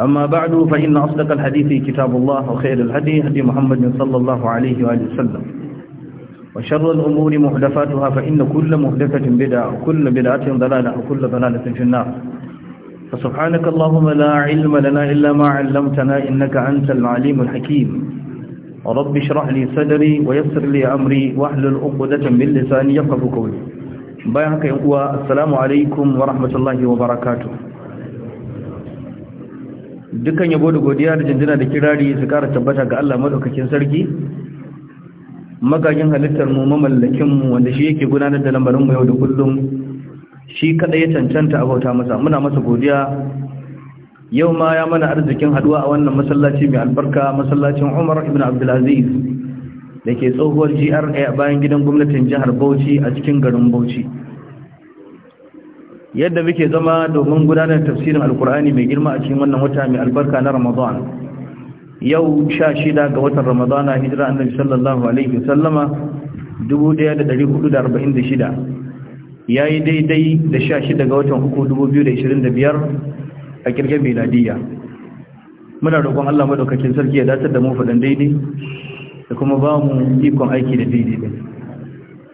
أما بعد فإن أصدق الحديث كتاب الله وخير الهدي هدي محمد صلى الله عليه وآله وسلم وشر الأمور محدثاتها فإن كل محدثة بدعة وكل بدعة ضلالة وكل ضلالة في النار فسبحانك اللهم لا علم لنا إلا ما علمتنا إنك أنت العليم الحكيم رب اشرح لي صدري ويسر لي أمري واحلل عقدة من لساني يفقهوا قولي بايعك يا السلام عليكم ورحمة الله وبركاته dukkan yabo da godiya da jinjina da kirari su kara tabbata ga Allah madaukakin sarki magagin halittar mu mamallakin mu wanda shi yake gudanar da lambarin mu yau da kullum shi kada ya cancanta abauta masa muna masa godiya yau ma ya mana arzikin haduwa a wannan masallaci mai albarka masallacin Umar ibn Abdul Aziz dake tsohuwar GRA a bayan gidan gwamnatin jihar Bauchi a cikin garin Bauchi yadda muke zama domin gudanar tafsirin alkur'ani mai girma a cikin wannan wata mai albarka na ramadan yau sha shida ga watan ramadana hijira annabi sallallahu alaihi wasallama 1446 yayi daidai da sha shida ga watan uku 2025 a kirgin miladiya muna roƙon Allah madaukakin sarki ya datar da mu fadan daidai da kuma ba mu ikon aiki da daidai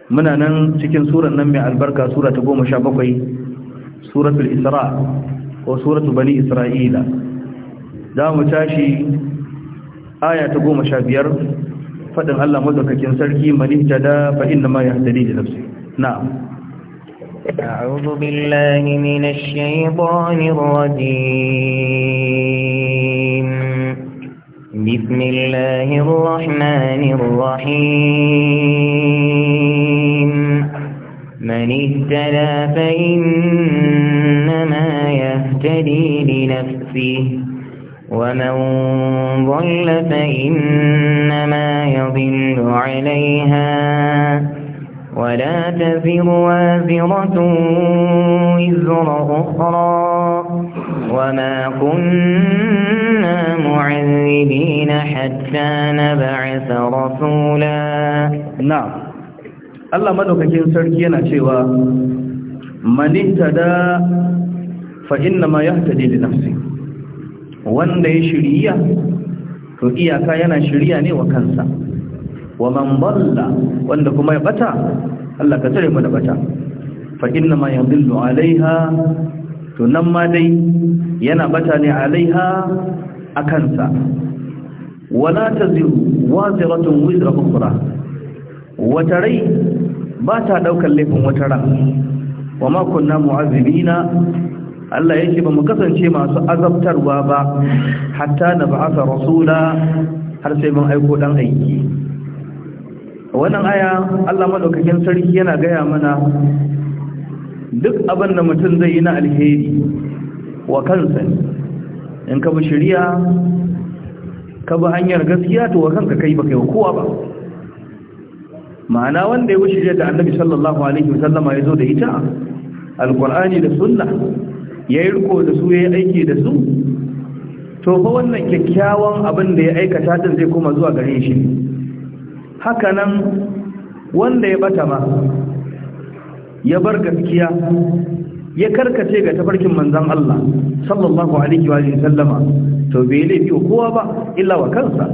muna nan cikin suran nan mai albarka sura ta goma sha bakwai سورة الإسراء وسورة بني إسرائيل دام تاشي آية تقوم شابير فدن الله مدك كنسركي من اهتدى فإنما يهتدي لنفسه نعم أعوذ بالله من الشيطان الرجيم بسم الله الرحمن الرحيم من اهتدى فإنما يهتدي لنفسه ومن ضل فإنما يضل عليها ولا تزر وازرة وزر أخرى وما كنا معذبين حتى نبعث رسولا نعم Allah madaukakin sarki yana cewa manita da fa inna ma yahtadi li nafsi wanda ya shiriya to iyaka yana shiriya ne wa kansa wa man dalla wanda kuma ya bata Allah ka tare mu da bata fa inna ma yadillu alaiha to nan ma dai yana bata ne alaiha akansa wala taziru waziratun wizra ukhra wata rai ba ta ɗaukar laifin wata ran wa makon na mu'azibina Allah yake ba mu kasance masu azabtarwa ba hatta na ba'asa rasula har sai mun aiko ɗan aiki wannan aya Allah madaukakin sarki yana gaya mana duk abin da mutum zai yi na alheri wa kansa in ka bi shari'a ka bi hanyar gaskiya to wa kanka kai ba kai kowa ba ma'ana wanda ya wuce da annabi sallallahu alaihi wasallama ya zo da ita alkur'ani da sunna ya yi riko da su ya yi aiki da su to fa wannan kyakkyawan abin da ya aikata din zai koma zuwa gare shi haka nan wanda ya bata ma ya bar gaskiya ya karkace ga tafarkin manzon Allah sallallahu alaihi wa sallama to bai laifi kowa ba illa wa kansa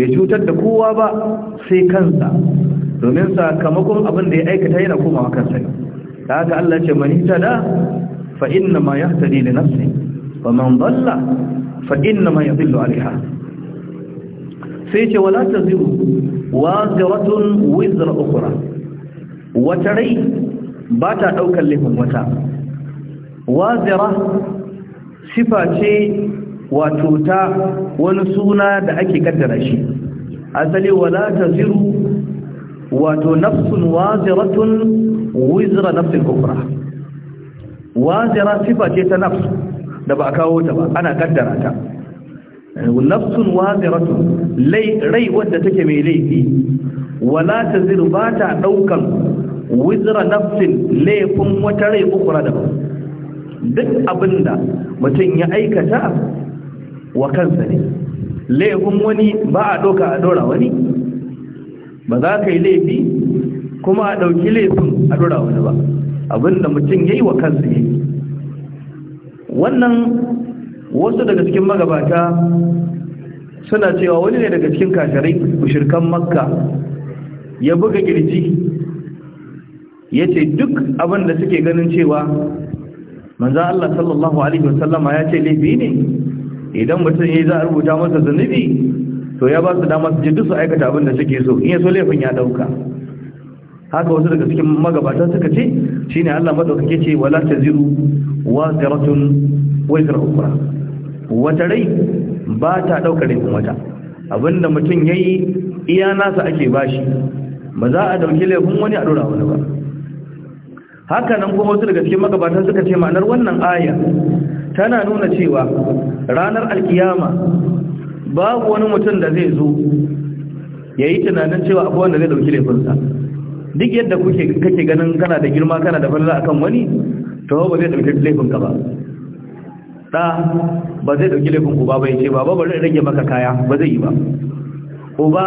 bai cutar da kowa ba sai kansa domin sakamakon abin da ya aikata yana komawa kansa ne da haka Allah ce man ihtada fa inna ma yahtadi li nafsi wa man dalla fa inna ma yadhillu alaiha sai ce wala taziru waziratun wizra ukhra wata rai ba ta daukar laifin wata wazira sifa ce wato ta wani suna da ake kaddara shi asali wala taziru wato nafsun waziratun wizra nafsin kufra wazira sifa ce ta nafsu da ba a kawo ta ba ana kaddara ta eh, nafsun waziratun rai wadda take mai laifi wala ta zirba ta daukan wizra nafsin laifin wata rai da ba. duk abinda mutum ya aikata wa kansa ne laifin wani ba a doka a dora wani ba za ka yi laifi kuma a ɗauki laifin a dora wani ba abinda mutum ya yi wa kansu wannan wasu daga cikin magabata suna cewa wani ne daga cikin kasharai kushirkan makka ya buga girji ya ce duk abinda suke ganin cewa manzan Allah sallallahu Alaihi wasallama ya ce laifi ne idan mutum ya yi za a rubuta masa zunubi to ya ba su dama su je duk su aikata abin da suke so in ya so laifin ya dauka haka wasu daga cikin magabata suka ce shine Allah madaukake ce wala taziru wa ziratun wa zira ukra wata rai ba ta dauka rai wata abinda mutum yayi iya nasa ake bashi ba za a dauki laifin wani a dora wani ba haka nan kuma wasu daga cikin magabata suka ce ma'anar wannan aya tana nuna cewa ranar alkiyama babu wani mutum da zai zo ya yi tunanin cewa abuwan wanda zai ɗauki laifinsa duk yadda kake ganin kana da girma kana da falla akan wani to ba zai ɗauki laifinka ba ta ba zai ɗauki laifin ku ba bai ce ba ba bari rage maka kaya ba zai yi ba uba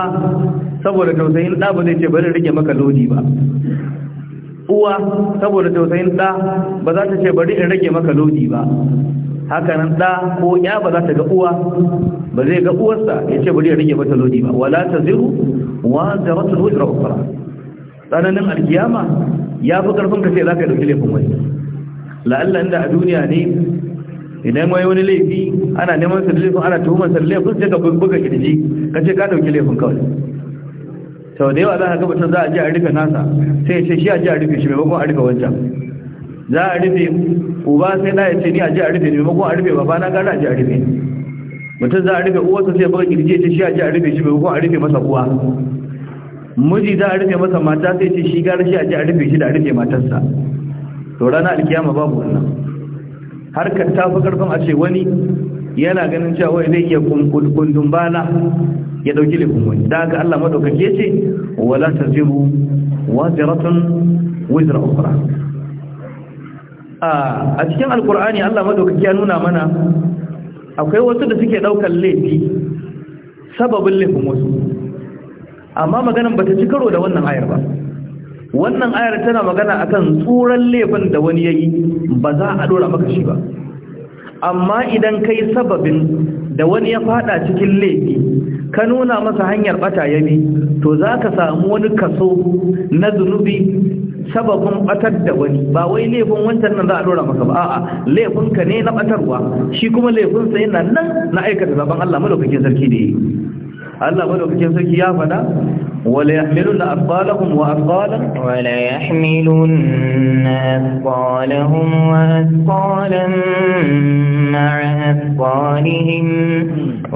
saboda tausayin ɗa ba zai ce bari rage maka lodi ba uwa saboda tausayin ɗa ba za ta ce bari in rage maka lodi ba hakanan da ko ya ba za ta ga uwa ba zai ga uwarsa ya ce bari ya rike mata lodi ba wala ta ziru wa zaratul wajra ukra tsananin alkiyama ya fi karfin ka sai za ka dauki laifin wani la'alla inda a duniya ne idan wai wani laifi ana neman sa laifin ana tuhumar sa laifin sai ka buga kirji ka ce ka dauki laifin kawai sau da yawa za ka ga mutum za a ji a rika nasa sai ya ce shi a ji a rika shi maimakon a rika wancan za a rufe uba sai da ya ce ni a ji a rufe ne maimakon a rufe ba na gara a ji a rufe mutum za a rufe uwarsa sai baka kirje ce shi a ji a rufe shi maimakon a rufe masa uwa miji za a rufe masa mata sai ce shi gara shi a ji a rufe shi da a rufe matarsa to rana alkiyama babu wannan harkar ta fi karfin a ce wani yana ganin cewa zai iya kundin bala ya dauki laifin wani da haka Allah madaukake ce wala taziru waziratun wizra ukhra a cikin alkur'ani Allah madaukaki ya nuna mana akwai wasu da suke daukar laifi sababin laifin wasu amma maganan bata ci karo da wannan ayar ba wannan ayar tana magana akan tsuran laifin da wani yayi ba za a dora maka shi ba amma idan kai sababin da wani ya fada cikin laifi ka nuna masa hanyar bata yami to za ka samu wani kaso na zunubi sababin batar da wani ba wai laifin wancan nan za a dora masa ba a'a ka ne na batarwa shi kuma laifin sa yana nan na aikata zaben Allah madaukakin sarki da yi Allah madaukakin sarki ya fada wala yahmilun asqalahum wa asqalan wala yahmilun asqalahum wa asqalan ma'a asqalihim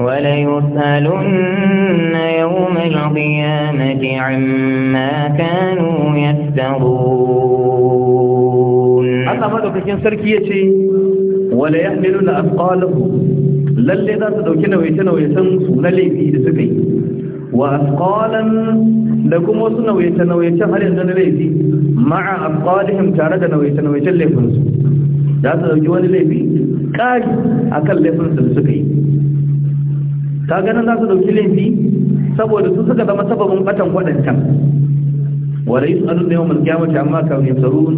wala yusalun yawm al qiyamati amma kanu yad cikin sarki ya ce wala ya milu na asqalahu lalle za su dauki nauyace nauyacen su na laifi da suka yi wa asqalan da kuma wasu nauyace nauyacen har yanzu na laifi ma'a asqalihim tare da nauyace nauyacen laifin su za su dauki wani laifi kai a laifin su da suka yi ka ganin za su dauki laifi saboda su suka zama sababin ɓatan waɗancan wala yus'alun yawm al-qiyamati amma kanu yaftarun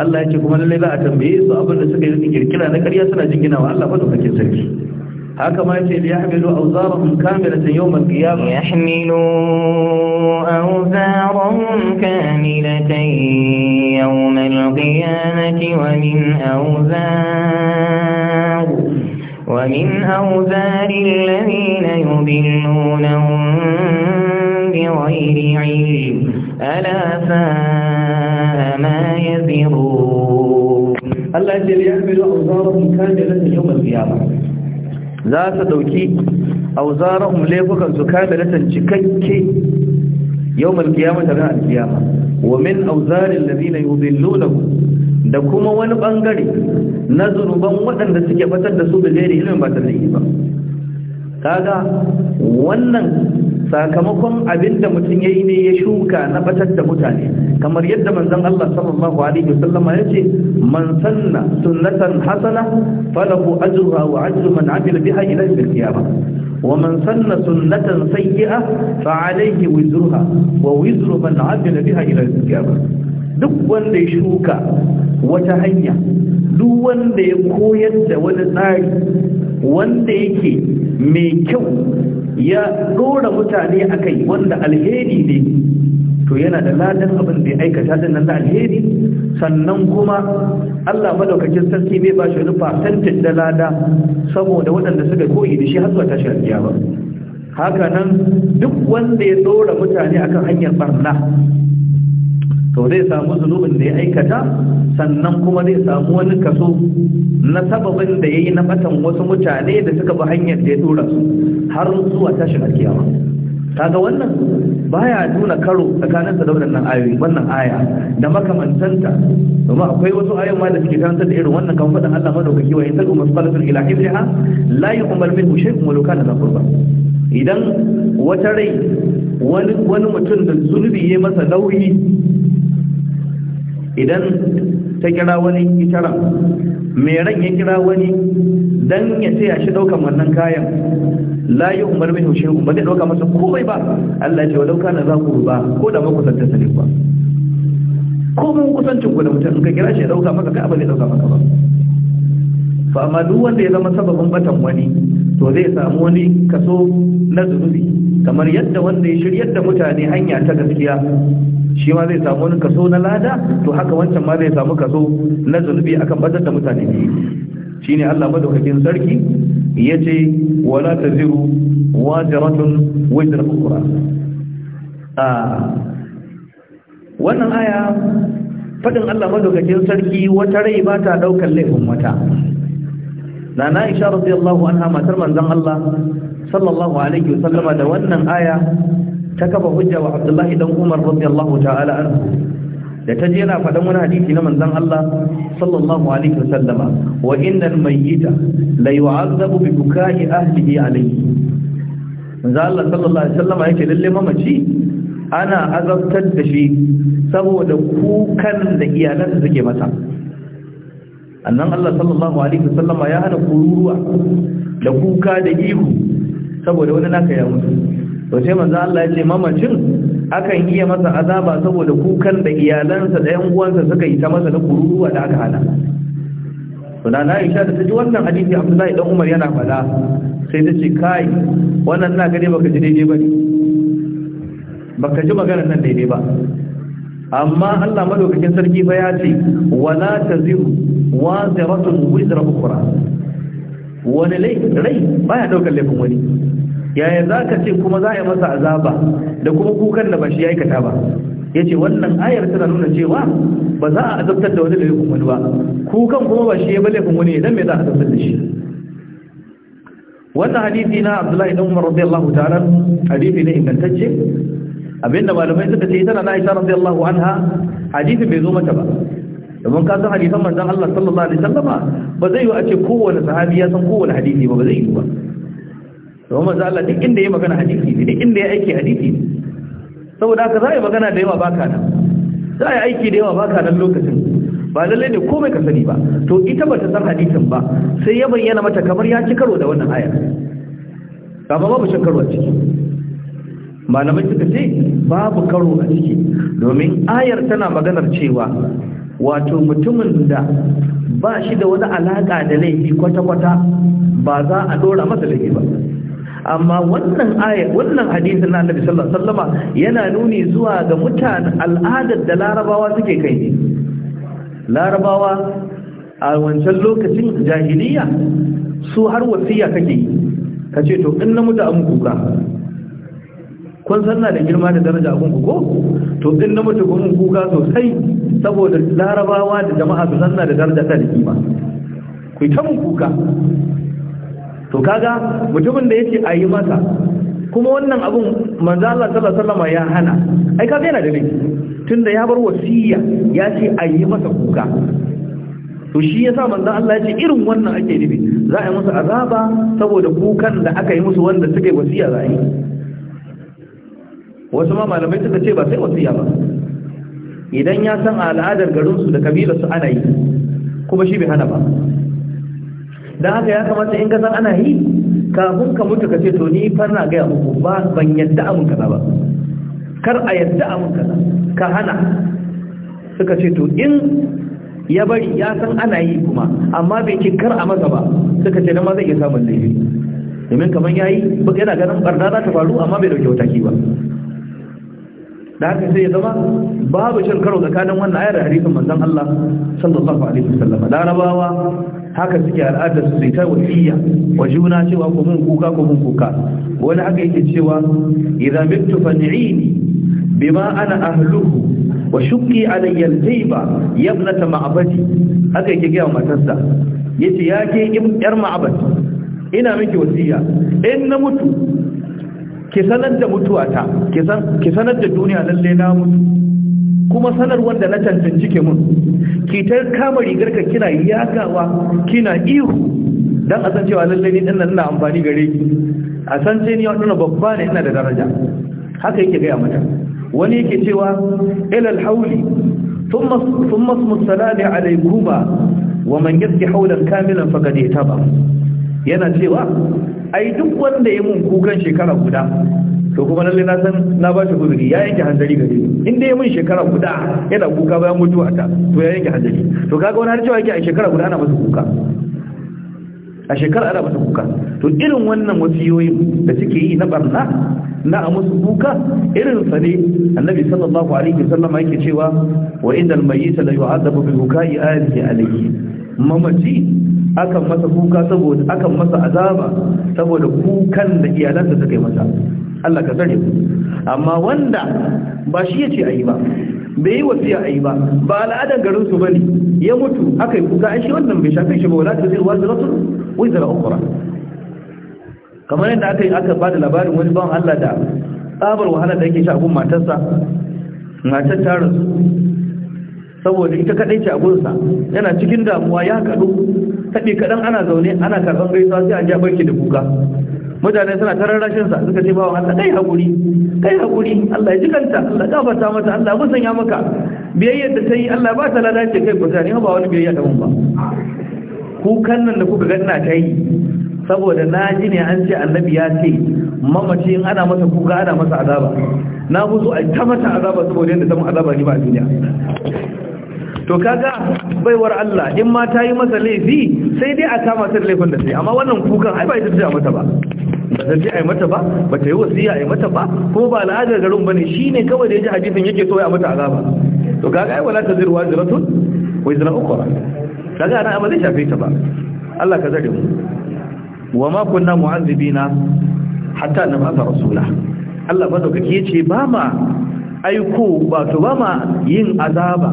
Allah yake kuma lalle za a tambaye su abin da suka yi kirkira na ƙarya suna jinginawa Allah fa dokakin sarki haka ma yace li yahmilu awzarahum kamilatan yawm al-qiyamah yahmilu awzarahum kamilatan yawm al-qiyamati wa min awzar ومن أوزار الذين يضلونهم بغير علم ألا ساء ما يزرون الله يجب يحمل أوزارهم كاملة يوم القيامة za ta dauki auzarahum laifukan su kamilatan cikakke yawmal qiyamah da ran alqiyama wa min auzaril ladina yudillunahum da kuma wani bangare na zunuban waɗanda suke fatar da su da gairi ilimin ba tare da ba kaga wannan sakamakon abinda mutum ya yi ne ya shuka na batar da mutane kamar yadda manzon Allah sallallahu Sallama ya ce, man sanna sunnatan hasana falahu ajruha wa ajru man amila biha ila yawm qiyamah wa man sanna sunnatan sayyi'a fa alayhi wizruha wa wizru man amila biha ila yawm qiyamah duk wanda ya shuka wata hanya duk wanda ya koyar da wani tsari wanda yake mai kyau ya dora mutane a kai wanda alheri ne to yana da ladan abin da ya aikata din nan da alheri sannan kuma Allah madaukakin sarki bai ba shi wani percentage da lada saboda waɗanda suka koyi da shi har ta tashi ba haka nan duk wanda ya dora mutane akan hanyar barna to zai samu zunubin da ya aikata sannan kuma zai samu wani kaso na sababin da ya yi na batan wasu mutane da suka bi hanyar da ya dora su har zuwa tashin alkiyama kaga wannan baya nuna karo tsakaninsa da wannan ayoyi wannan aya da makamantanta domin akwai wasu ayoyi ma da suke kanta da irin wannan kan faɗin Allah madaukaki wa yasalu masalatul ilahi biha la yu'mal minhu shay'un wa kana zakurba idan wata rai wani wani mutum da zunubi ya masa nauyi idan ta kira wani kitara mai ran ya kira wani dan ya taya shi daukan wannan kayan la yi umar mai haushe ba zai dauka masa komai ba Allah ya ce wadau kana za ku ba ko da maku ta sani ba ko mun kusancin ku da mutum in ka kira shi ya dauka maka kai abin ya dauka maka ba fa amma duk wanda ya zama sababin batan wani to zai samu wani kaso na zunubi kamar yadda wanda ya shiryar da mutane hanya ta gaskiya shi ma zai samu wani kaso na lada to haka wancan ma zai samu kaso na zunubi akan batar da mutane Shi ne Allah madaukakin sarki ya yace wala taziru wajiratun wajra ukhra ah, wannan aya faɗin Allah madaukakin sarki wata rai ba ta ɗaukar laifin wata nana Aisha radiyallahu anha matar manzon Allah sallallahu alaihi wasallama da wannan aya ta kafa hujja wa abdullahi dan umar radiyallahu ta'ala anhu da ta je yana faɗan wani hadisi na manzon Allah sallallahu alaihi wasallama wa innal mayyita la yu'azzabu bi bukai ahlihi alayhi manzon Allah sallallahu alaihi wasallama yake lalle mamaci ana azabtar da shi saboda kukan da iyalansa suke masa annan Allah sallallahu alaihi wasallama ya hana kururuwa da kuka da ihu saboda wani naka ya mutu to sai manzo Allah ya ce mamacin akan iya masa azaba saboda kukan da iyalansa da yan uwansa suka yi ta masa na kururuwa da aka hana to da Aisha da ta ji wannan hadisi Abdullahi dan Umar yana fada sai ta ce kai wannan na gare baka ji daidai bane baka ji maganar nan daidai ba amma Allah madaukakin sarki fa ya ce wala taziru waziratun wizra ukhra wani rai baya daukar laifin wani yaya za ka ce kuma za a yi masa azaba da kuma kukan da ba shi ya aikata ba ya ce wannan ayar tana nuna cewa ba za a azabtar da wani laifin wani ba kukan kuma ba shi ya ba laifin wani idan mai za a azabtar da shi wannan hadithi na abdullahi ɗan umar radiyallahu ta'ala hadithi ne ingantacce abinda malamai suka ce tana na aisha radiyallahu anha hadithi bai zo mata ba domin ka san hadisan manzon Allah sallallahu alaihi wasallama ba zai yi a ce kowane sahabi ya san kowane hadisi ba ba zai yi ba to manzo Allah duk inda yake magana hadisi ne duk inda yake aiki hadisi ne saboda haka zai magana da yawa baka nan za yi aiki da yawa baka nan lokacin ba lalle ne komai ka sani ba to ita ba ta san hadisin ba sai ya bayyana mata kamar ya ci karo da wannan ayar kama babu shan karo a ciki malamai suka ce babu karo a ciki domin ayar tana maganar cewa wato mutumin da ba shi da wani alaƙa da laifi kwata-kwata ba za a ɗora masa laifi ba amma wannan aya wannan hadisin na annabi sallallahu alaihi wasallam yana nuni zuwa ga mutanen al'adar da larabawa suke kai ne larabawa a wancan lokacin jahiliya su har wasiya kake yi kace to in na mutu an kuka kun san na da girma da daraja a kunku ko to in na mutu kun kuka sosai saboda larabawa da jama'a su na da daraja ta da kima ku ta mun kuka to kaga mutumin da yace ayi yi masa kuma wannan abun manzo Allah sallallahu alaihi wasallam ya hana ai kaga yana da ne tunda ya bar wasiya ya ce a masa kuka to shi yasa manzo Allah ya ce irin wannan ake nufi za a yi musu azaba saboda kukan da aka yi musu wanda suka yi wasiya za a yi wasu ma malamai suka ce ba sai wasiya ba idan ya san al'adar garinsu da kabilarsu ana yi kuma shi bai hana ba Da haka ya kamata in ka san ana yi kafin ka mutu ka ce to ni far na gaya muku ba ban yadda amin kaza ba kar a yadda amin kaza ka hana suka ce to in ya bari ya san ana yi kuma amma bai ce kar a masa ba suka ce na ma zai iya samun laifi domin kamar ya yi yana ganin barna za ta faru amma bai dauke wata ba da haka sai ya zama babu shan karo tsakanin wannan ayar harifin manzan Allah sallallahu alaihi wasallam larabawa haka suke al'adar su sai ta wasiya wa juna cewa ku mun kuka ku mun kuka wani haka yake cewa idza mittu fan'ini bima ana ahluhu wa shukki alayya al-tayba yabnata ma'abadi haka yake ga matarsa yace yake yar ma'abad ina miki wasiya in na mutu ki sanar da mutuwata ki sanar da duniya lalle na mutu kuma sanar wanda na cancanci ke mun kitar kama rigar kina yagawa kina ihu dan a san cewa lalle ne din nan ina amfani gare ki a san sai ni wannan babba ne ina da daraja haka yake ga mata wani yake cewa ila alhawli thumma thumma ismu salami alaykuma wa man yadhi hawlan kamilan faqad yataba yana cewa ai duk wanda ya mun kukan shekara guda to kuma lalle na san na ba shi guzuri ya yanke hanzari gare ni in dai mun shekara guda yana kuka bayan mutuwa ta to ya yanke hanzari to kaga wani har cewa yake a shekara guda ana masa kuka a shekara ana masa kuka to irin wannan wasiyoyin da suke yi na barna na a musu kuka irin sa ne annabi sallallahu alaihi wasallam yake cewa wa idal mayyit la yu'adabu bi bukai alihi alayhi mamaci akan masa kuka saboda akan masa azaba saboda kukan da iyalansa suka yi masa Allah ka tsare amma wanda ba shi yace ayi ba bai yi wasiya ayi ba ba al'adan garin su bane ya mutu aka yi kuka an shi wannan bai shafe shi ba wala ta zai wazira su wazira ukhra kamar yadda aka yi aka ba da labarin wani ban Allah da tsabar wahala da yake shagun matarsa matar ta rasu saboda ita kadai ce a gunsa yana cikin damuwa ya kadu taɓi kaɗan ana zaune ana karɓar gaisuwa sai an ja barki da kuka mutane suna tarar rashinsa suka ce bawan Allah kai haƙuri kai haƙuri Allah ya jikanta Allah gafarta mata Allah ya musanya maka biyayyar da ta yi Allah ba ta lada ce kai kusa ne ba wani biyayya da mun ba kukan nan da kuka ganna ta yi saboda na ji ne an ce annabi ya ce mamaci in ana masa kuka ana masa azaba na musu a ta mata azaba saboda yadda ta mu azaba ni ba a duniya to kaga baiwar Allah in ma ta yi masa laifi sai dai a kama ta laifin da sai amma wannan kukan ai ba ita ta mata ba ba ta ji a yi mata ba ba ta yi wasiya a yi mata ba kuma ba al'adar garin bane shine kawai da ya ji hadisin yake so ya mata azaba to kaga ai wala taziru waziratun wa izra ukhra kaga ana ba zai shafe ta ba Allah ka zare mu wa ma kunna mu'azzibina hatta nabata rasula Allah madaukaki ce ba ma aiko ba to ba ma yin azaba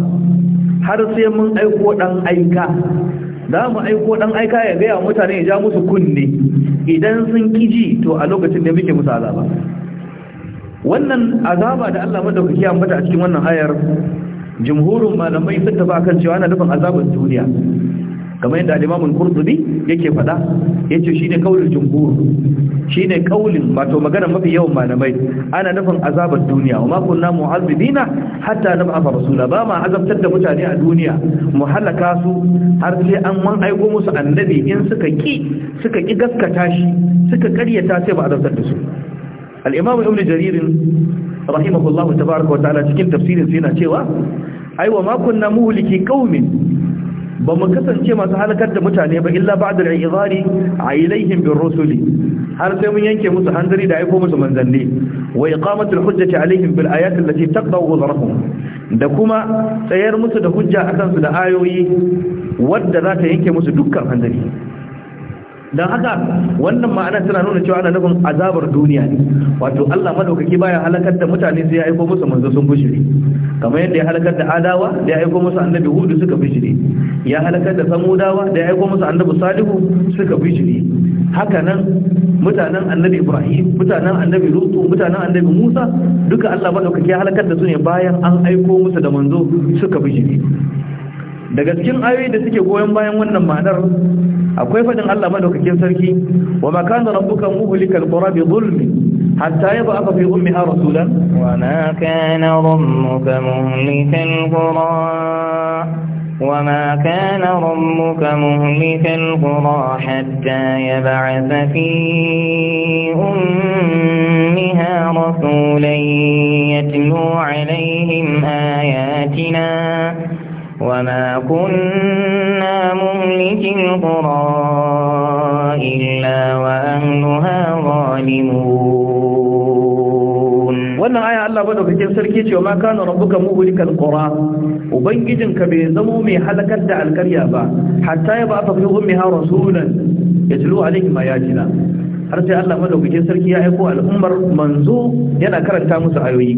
har sai mun aiko dan aika za mu aiko dan aika ya gaya mutane ya ja musu kunne idan sun kiji to a lokacin da muke musu azaba wannan azaba da Allah madaukaki ya mata a cikin wannan ayar jumhurin malamai sun tafi akan cewa ana nufin azabar duniya kamar yadda al-Imam al-Qurtubi yake faɗa yace shine kaulin jumhur shine kaulin wato magana mafi yawan malamai ana nufin azabar duniya wa ma kunna mu'azzibina hatta nab'a rasula ba ma azabtar da mutane a duniya mu halaka su har sai an man aiko musu annabi in suka ki suka ki gaskata shi suka karyata sai ba azabtar da su al-Imam Ibn Jarir rahimahullahu tabaaraka wa ta'ala cikin tafsirin sai yana cewa aiwa ma kunna muhliki qaumin ba mu kasance masu halakar da mutane ba illa ba da izari a ilaihim bin rusuli har sai mun yanke musu hanzari da aiko musu manzanni wa iqamatul hujjati alaihim bil ayati allati taqdaw udhrahum da kuma tsayar musu da hujja akan su da ayoyi wadda za ta yanke musu dukkan hanzari don haka wannan ma'ana tana nuna cewa ana nufin azabar duniya ne wato Allah madaukaki baya halakar da mutane sai ya aiko musu manzo sun fushiri kamar yadda ya halakar da adawa da ya aiko musu annabi hudu suka fushiri ya halakar da samudawa da ya aiko musu annabi salihu suka fushiri haka nan mutanen annabi ibrahim mutanen annabi lutu mutanen annabi musa duka Allah madaukaki ya halakar da su ne bayan an aiko musu da manzo suka fushiri daga cikin ayoyi da suke goyon bayan wannan ma'anar akwai fadin Allah madaukakin sarki wa ma kana rabbuka muhlikal qura bi dhulmi hatta yab'a fi ummiha rasulan wa ma kana rabbuka muhlikal qura wa ma kana rabbuka muhlikal qura hatta yab'a fi ummiha rasulan yatlu 'alayhim ayatina وما كنا مهلك القرى إلا وأهلها ظالمون وانا آية الله بدأ في كيف سركيش وما كان ربك مهلك القرى وبنجد كبيزمو من حلقة دع الكريابة حتى يبعث في أمها رسولا يتلو عليهم آياتنا har sai Allah madaukakin sarki ya aiko al'ummar manzo yana karanta musu ayoyi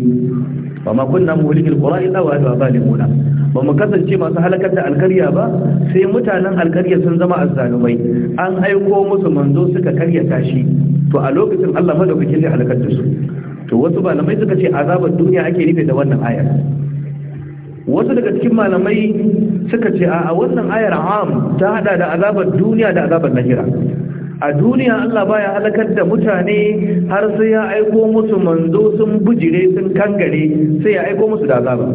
ba ma kunna muhlikil qura illa wa ahliha zalimuna ba mu kasance masu halakar da alkarya ba sai mutanen alkarya sun zama azzalumai an aiko musu manzo suka karya tashi. to a lokacin Allah madaukakin da halakar da su to wasu malamai suka ce azabar duniya ake nufi da wannan ayar wasu daga cikin malamai suka ce a wannan ayar am ta hada da azabar duniya da azabar lahira a duniya Allah baya halakar da mutane har sai ya aiko musu manzo sun bujire sun kangare sai ya aiko musu da azaba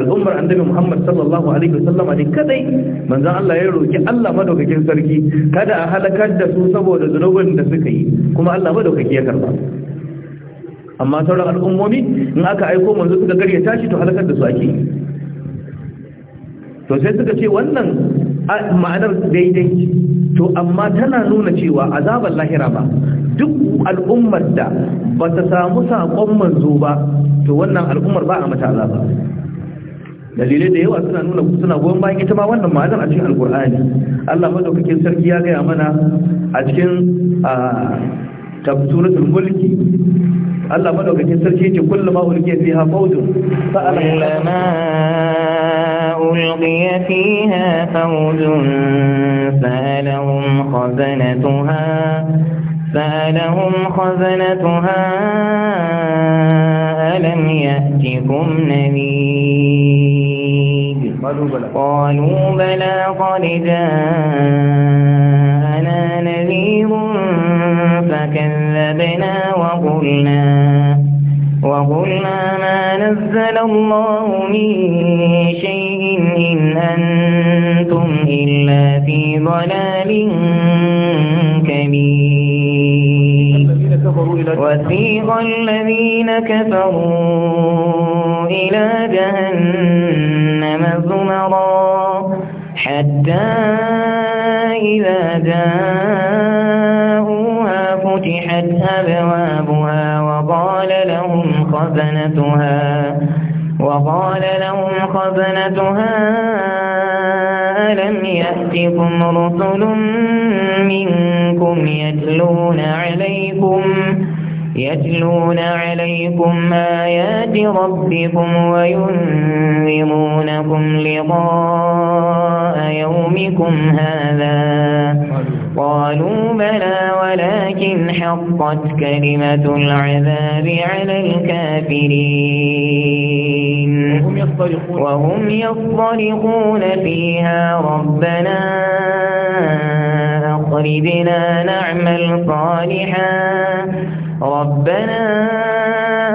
al'ummar annabi Muhammad sallallahu alaihi wasallama ne kadai manzon Allah ya roki Allah madaukakin sarki kada a halakar da su saboda zunubin da suka yi kuma Allah madaukaki ya karba amma sauran al'ummomi in aka aiko manzo suka gariya tashi to halakar da su ake to sai suka ce wannan ma'anar daidai to amma tana nuna cewa azabar lahira ba duk al'ummar da ba ta samu saƙon manzo ba to wannan al'ummar ba a mata azaba dalilai da yawa suna nuna suna goyon bayan ita ma wannan ma'anar a cikin alkur'ani Allah madaukakin sarki ya gaya mana a cikin tafsiratul mulki Allah madaukakin sarki yake kullama ulqiya fiha fawjun kullama ulqiya fiha fawjun salahum khazanatuha سألهم خزنتها ألم يأتكم نذير قالوا بلى قد جاءنا نذير فكذبنا وقلنا نزل الله من شيء إن أنتم إلا في ضلال كبير وثيق الذين كفروا إلى جهنم زمرا حتى إذا جاءوها فتحت أبوابها وقال لهم خزنتها خزنتها ألم يأتكم رسل منكم يتلون عليكم يتلون عليكم آيات ربكم وينذرونكم لقاء يومكم هذا قالوا بلى ولكن حقت كلمة العذاب على الكافرين وهم يصطرخون, فيها ربنا أخرجنا نعمل صالحا ربنا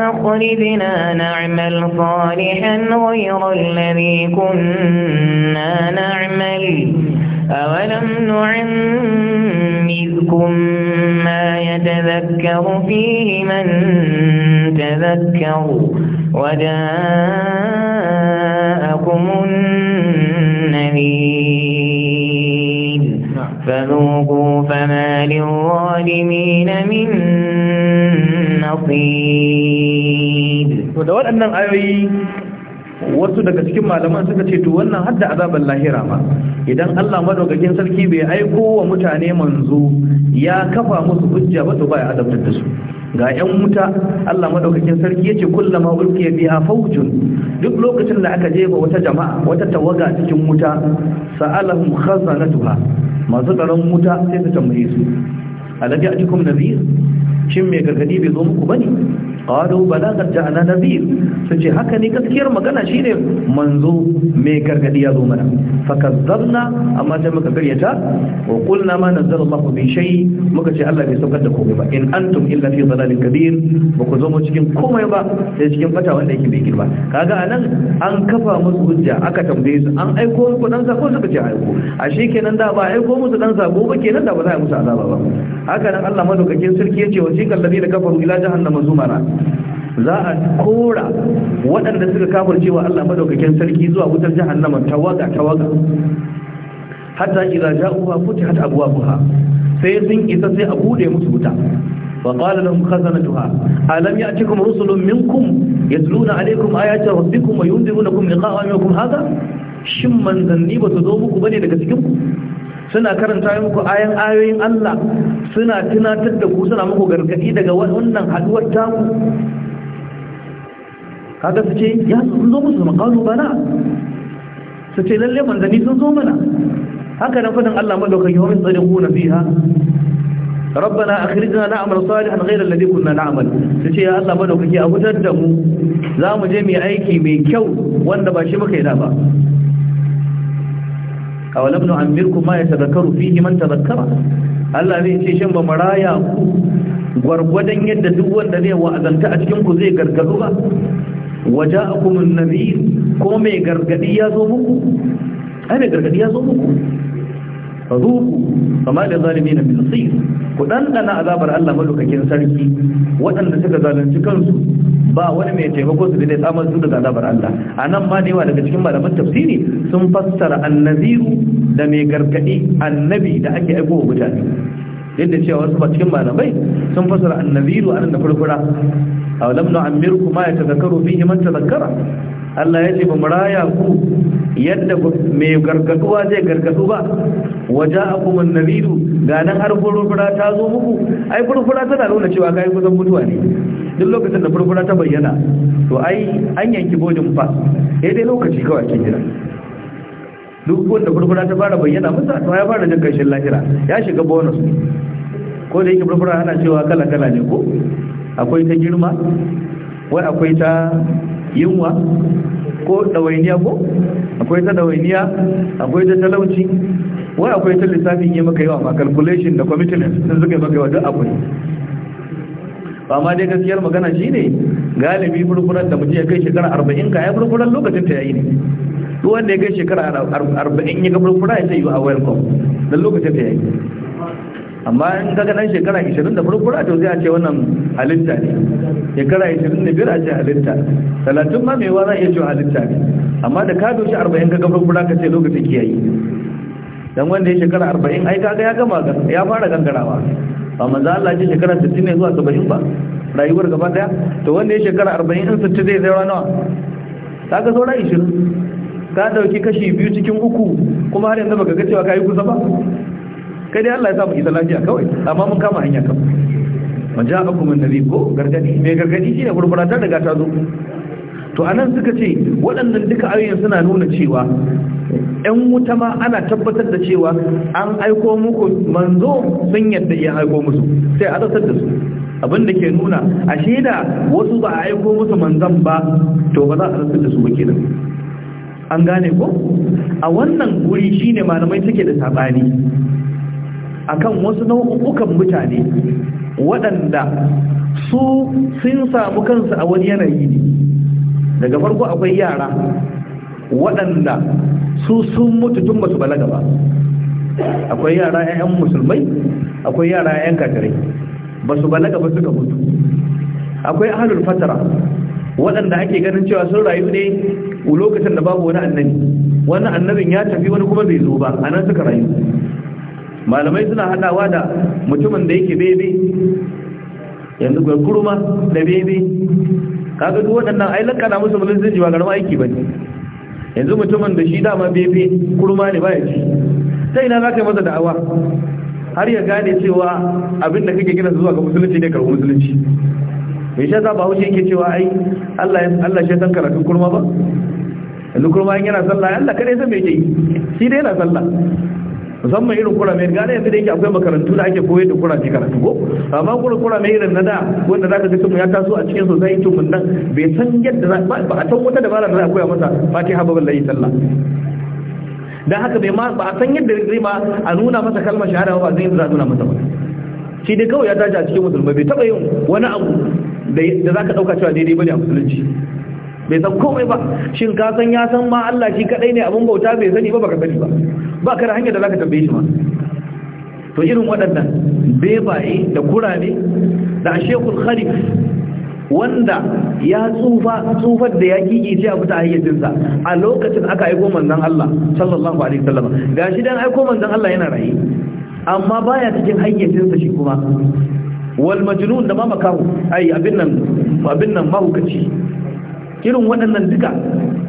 أخرجنا نعمل صالحا غير الذي كنا نعمل أولم نعمل نعمركم ما يتذكر فيه من تذكر وجاءكم النذير فذوقوا فما للظالمين من نصير. wasu daga cikin malaman suka ce to wannan hadda azabar lahira ma idan Allah madaukakin sarki bai aiko wa mutane manzo ya kafa musu hujja ba to baya azabtar da su ga yan wuta Allah madaukakin sarki yace kullama ulqiya biha fawjun duk lokacin da aka jefa wata jama'a wata tawaga cikin wuta sa'alahum khazanatuha masu tsaron wuta sai su tambaye su alaji a nabiy shin mai gargadi bai zo muku bane qalu bala qad ja'ana nadhir ce haka ne gaskiyar magana shine manzo mai gargadi ya zo mana fakazzabna amma sai muka karyata wa qulna ma nazzala Allahu bi shay muka ce Allah bai saukar da komai ba in antum illa fi dhalalin kabir ba ku zo mu cikin komai ba sai cikin fata wanda yake bai girma kaga anan an kafa musu hujja aka tambaye su an aiko muku dan sako suka ce aiko ashe kenan da ba aiko musu dan sako ba kenan da ba za a musu azaba ba haka nan Allah madaukakin sarki yace wa shiqal ladina kafaru ila jahannama zumara za a kora waɗanda suka kafirce wa Allah madaukakin sarki zuwa wutar jahannama tawaga tawaga hatta idza ja'uha futihat abwabuha sai sun isa sai a bude musu wuta وقال لهم خزنتها ألم يأتكم رسل منكم يتلون عليكم آيات ربكم وينذرونكم لقاء يومكم هذا shin manzanni ba su zo muku bane daga cikin suna karanta muku ayan ayoyin Allah suna tunatar da ku suna muku gargadi daga wannan haduwar tamu kaga su ce ya sun zo musu makalu bana su ce lalle manzanni sun zo mana haka nan fadin Allah madaukakin wa min na fiha rabbana akhrijna na'mal salihan ghayra alladhi kunna na'mal ce ya Allah ki a fitar da mu zamu je mu aiki mai kyau wanda ba shi muka yi da ba awalam nu amirkum ma yatadhakkaru fihi man tadhakkara Allah zai ce shan ba maraya ku gwargwadon yadda duk wanda zai wa'azanta a cikin ku zai gargadu ba waja'akum an-nabiy ko mai gargadi ya zo muku ai mai gargadi ya zo muku fazuku kama da zalimi na bilisir ku ɗanɗana azabar Allah malukakin sarki waɗanda suka zalunci kansu ba wani mai taimako su da samar su da azabar Allah a nan ma da daga cikin malaman tafsiri sun fassara annaziru da mai gargaɗi annabi da ake aiko wa mutane yadda cewa wasu ba cikin malamai sun fassara annaziru a nan da kurkura a lamnu amirku ma ya fihi man tazakkara Allah ya ce ba mu raya ku yadda mai gargaduwa zai gargadu ba waje a kuma nabiru ga nan har furfura ta zo muku ai furfura tana nuna cewa kayan kusan mutuwa ne duk lokacin da furfura ta bayyana to ai an yanki bodin fa ya dai lokaci kawai ke jira duk wanda furfura ta fara bayyana musa to ya fara jin kashin lahira ya shiga bonus ko da yake furfura ana cewa kala kala ne ko akwai ta girma wai akwai ta yunwa ko ɗawainiya ko akwai ta ɗawainiya akwai ta talauci wai akwai ta lissafin yi maka yawa ma calculation da commitment sun suka yi maka yawa duk abu ne ba ma dai gaskiyar magana shi ne galibi furfuran da mutum ya kai shekara arba'in ka ya furfuran lokacin ta yayi ne duk wanda ya kai shekara arba'in ya ga furfura ya ce yi a welcome da lokacin ta yayi amma in kaga dan shekara 20 da furfura to sai a ce wannan halitta ne shekara 25 a ce halitta 30 ma mai wa za a iya cewa halitta ne amma da ka doshi 40 kaga furfura ka ce lokacin kiyayi dan wanda ya shekara 40 ai kaga ya gama ya fara gangarawa ba manzo Allah ce shekara 60 ne zuwa 70 ba rayuwar gaba daya to wanda ya shekara 40 in 60 zai zai nawa kaga saura 20 ka dauki kashi biyu cikin uku kuma har yanzu baka ga cewa kai kusa ba kai dai Allah ya samu isa lafiya kawai amma mun kama hanya kawai man ja akum nabi ko gargadi Me gargadi shine gurbata daga ta zo to anan suka ce waɗannan duka ayoyin suna nuna cewa ƴan wuta ma ana tabbatar da cewa an aiko muku manzo sun yadda ya aiko musu sai a rasar da su abinda ke nuna a shaida wasu ba a aiko musu manzan ba to ba za a rasar da su ba kenan an gane ko a wannan guri shine malamai take da sabani akan wasu nau'ukan mutane waɗanda su sun samu kansu a wani yanayi ne daga farko akwai yara waɗanda su sun mutu tun ba su balaga ba akwai yara 'ya'yan musulmai akwai yara 'ya'yan kakare ba su balaga ba suka mutu akwai ahalul fatara waɗanda ake ganin cewa sun rayu ne lokacin da babu wani annabi Wani annabin ya tafi wani kuma bai zo ba a nan suka rayu malamai suna hadawa da mutumin da yake bebe yanzu gurguruma da bebe kaga duk waɗannan ai na musu mulkin jiwa garma aiki bane yanzu mutumin da shi dama bebe kurma ne baya ci sai ina zaka yi masa da'awa har ya gane cewa abin da kake gina zuwa ga musulunci ne karɓi musulunci mai yasa ba haushe yake cewa ai Allah ya shi san karatu kurma ba yanzu kurma yana sallah Allah kare san me yake shi dai yana sallah musamman irin kurame gane yanzu da yake akwai makarantu da ake koyar da kurame karatu ko amma kura kurame irin na da wanda za ka ga tun ya taso a cikin sosai tun nan bai san yadda ba a san wata dabara da za a koya masa fatiha ba wallahi sallah dan haka bai ma ba a san yadda zai ma a nuna masa kalmar shahada ba zai za nuna masa ba shi dai kawai ya tashi a cikin musulmai bai taba yin wani abu da za ka dauka cewa daidai bane a musulunci bai san komai ba shin ka san ya san ma Allah shi kadai ne abin bauta bai sani ba baka sani ba ba ka da hanyar da zaka tambaye shi ma to irin waɗannan bebaye da kurane da shekul kharif wanda ya tsufa tsufar da ya kikice a fita hayyacinsa a lokacin aka aiko manzon Allah sallallahu alaihi wasallam gashi dan aiko manzon Allah yana rayi amma baya cikin hayyacinsa shi kuma wal majnun da ma makahu ai abin nan abin nan mahukaci irin waɗannan duka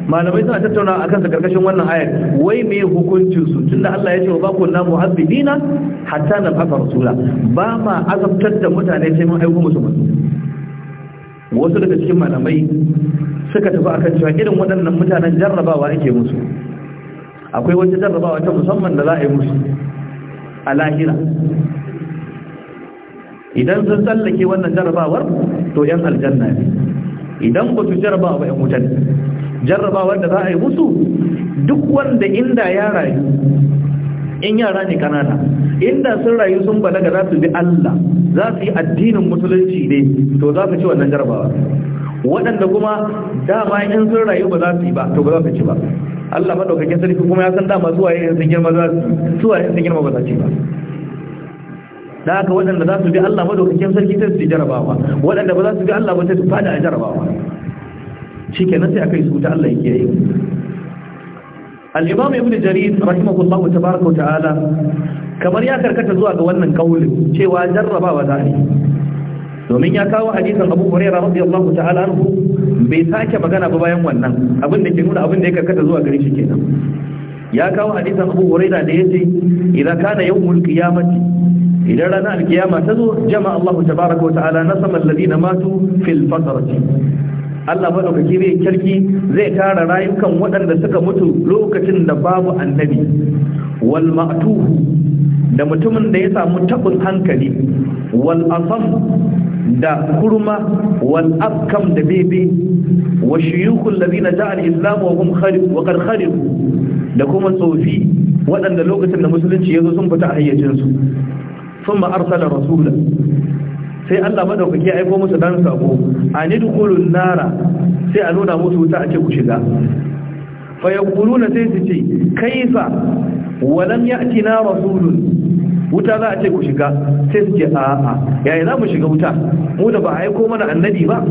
malamai suna tattauna a kansa karkashin wannan ayar wai me hukuncin su tunda Allah ya ce wa bakun na muhabbidina hatta na fafa rasula ba ma azabtar da mutane sai mun aiko musu musu wasu daga cikin malamai suka tafi akan cewa irin waɗannan mutanen jarrabawa ake musu akwai wata jarrabawa ta musamman da za a yi musu a lahira idan sun tsallake wannan jarrabawar to yan aljanna ne idan ba su jarraba ba yan wutan jarraba wanda za a yi musu duk wanda inda ya rayu in yara ne kanana inda sun rayu sun balaga za su bi Allah za su yi addinin musulunci ne to za su ci wannan jarrabawa waɗanda kuma dama in sun rayu ba za su yi ba to ba za su ci ba Allah madaukakin sarki kuma ya san dama zuwa yin sun girma za su zuwa yin sun girma ba za su ci ba da haka waɗanda za su bi Allah madaukakin sarki sai su yi jarabawa waɗanda ba za su bi Allah ba sai su fada a jarabawa shi kenan sai aka yi su ta Allah ya kiyaye al-imam ibn jarir rahimahullahu tabaaraka wa ta'ala kamar ya karkata zuwa ga wannan kaulin cewa jarrabawa za ne. domin ya kawo hadisin Abu Hurairah radiyallahu ta'ala anhu bai sake magana ba bayan wannan abin da ke nuna abin da ya karkata zuwa gare shi kenan ya kawo hadisan Abu Hurairah da yace idza kana yawmul qiyamati idan ranar alkiyama ta zo jama Allah tabaraka wata'ala na saman ladina matu fil Allah madaukaki zai kirki zai tara rayukan waɗanda suka mutu lokacin da babu annabi wal ma'tuhu da mutumin da ya samu tabin hankali wal asam da kurma wal abkam da bebe wa shuyukul ladina ja'a al-islam wa hum kharib wa qad kharib da kuma tsofi waɗanda lokacin da musulunci ya zo sun fita a hayyacinsu sun ma arsala rasula sai Allah madaukaki ya aiko musu dan sako a ni dukulun nara sai a nuna musu wuta a ce ku shiga fa yaquluna sai su ce kaifa walam ya'tina rasulun wuta za a ce ku shiga sai su ce a'a yayi za mu shiga wuta mu da ba a aiko mana annabi ba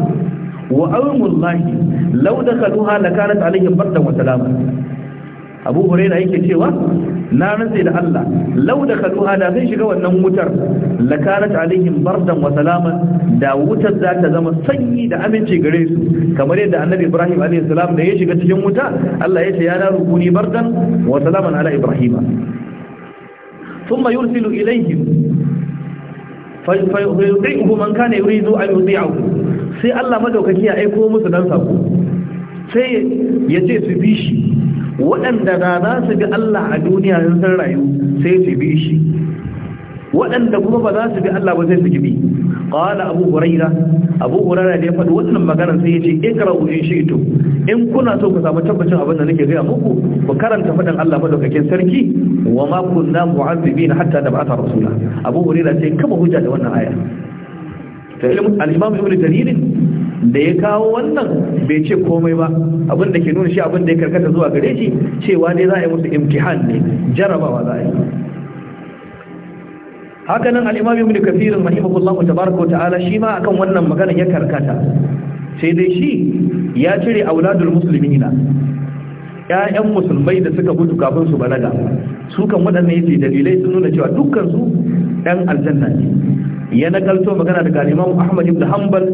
wa awmullahi law na lakanat alaihim bardan wa salama Abu Hurairah yake cewa na rantse da Allah lau da kaluha da zai shiga wannan wutar la kanat alaihim bardan wa salaman da wutar za ta zama sanyi da aminci gare su kamar yadda annabi Ibrahim alaihi salam da ya shiga cikin wuta Allah ya ce ya na rukuni bardan wa salaman ala Ibrahim ثم يرسل إليهم فيطيعه من كان يريد أن يطيعه sai Allah madaukaki ya aiko musu dan sako sai ya ce su bi shi waɗanda na za su bi Allah a duniya sun san rayu sai su bi shi waɗanda kuma ba za su bi Allah ba sai su gibi bi. abu huraira abu huraira da ya faɗi wannan maganar sai ya ce ikra'u shi shi'tum in kuna so ku samu tabbacin abin da nake gaya muku ku karanta faɗin Allah madaukakin sarki wa ma kunna na hatta nab'atha rasula abu huraira sai kama hujja da wannan aya to ilmu al-imam ibnu jarir da ya kawo wannan bai ce komai ba abin da ke nuna shi abin da ya karkata zuwa gare shi cewa dai za a yi musu imtihan ne jarabawa za a yi haka nan al'imam ibn kafirin rahimahullahu tabaraka wa ta'ala shi ma akan wannan magana ya karkata sai dai shi ya cire auladul na 'ya'yan musulmai da suka mutu kafin su balaga sukan kan waɗannan yake dalilai sun nuna cewa dukkan su ɗan aljanna ne ya nakalto magana daga al-Imam Ahmad ibn Hanbal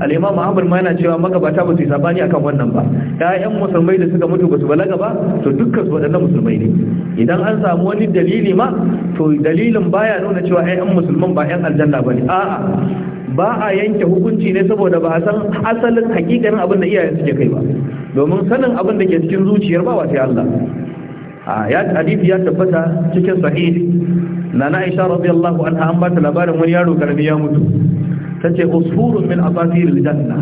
al-Imam Ahmad ma yana cewa magabata ba su yi sabani akan wannan ba ƴaƴan musulmai da suka mutu ba su balaga ba to dukkan su waɗannan musulmai ne idan an samu wani dalili ma to dalilin baya nuna cewa ƴaƴan musulman ba ƴan aljanna bane a'a ba a yanke hukunci ne saboda ba a san asalin hakikanin abin da iyayen suke kai ba domin sanin abin da ke cikin zuciyar ba sai Allah a ya hadisi ya tabbata cikin sahih nana aisha radiyallahu anha an bata labarin wani yaro karbi ya mutu tace usfurun min asatir aljanna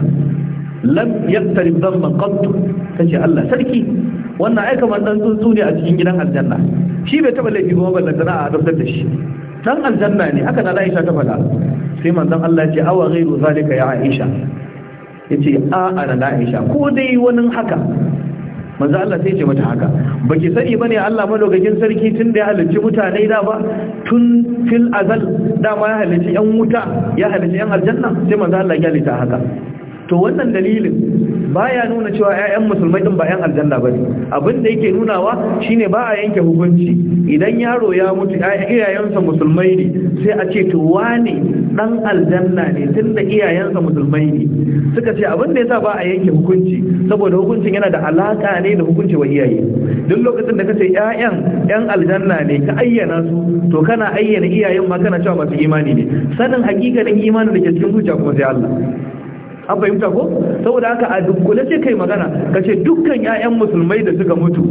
lam yaktarib dhanba qat tace Allah sarki wannan ai kamar dan tsuntsu ne a cikin gidan aljanna shi bai taba laifi ba ballan tana a dafar da shi dan aljanna ne haka nana aisha ta faɗa sai manzon Allah ya ce awa ghairu zalika ya aisha yace a ana na aisha ko dai wani haka manzo Allah sai ce mata haka baki sani bane Allah madaukakin sarki tun da ya halicci mutane da ba tun fil azal dama ya halicci yan wuta ya halicci yan aljanna sai manzo Allah ya halitta haka to wannan dalilin baya nuna cewa 'ya'yan musulmai din ba ƴan aljanna bane abin da yake nunawa shine ba a yanke hukunci idan yaro ya mutu iyayensa musulmai ne sai a ce to wane dan aljanna ne tunda iyayensa musulmai ne suka ce abin da sa ba a yanke hukunci saboda hukuncin yana da alaka ne da hukunci wa iyaye duk lokacin da ka kace 'ya'yan 'yan aljanna ne ka ayyana su to kana ayyana iyayen ma kana cewa masu imani ne sanin hakikanin imanin da ke cikin zuciya kuma sai Allah an fahimta ko saboda haka a dukkule ce kai magana kace dukkan ƴaƴan musulmai da suka mutu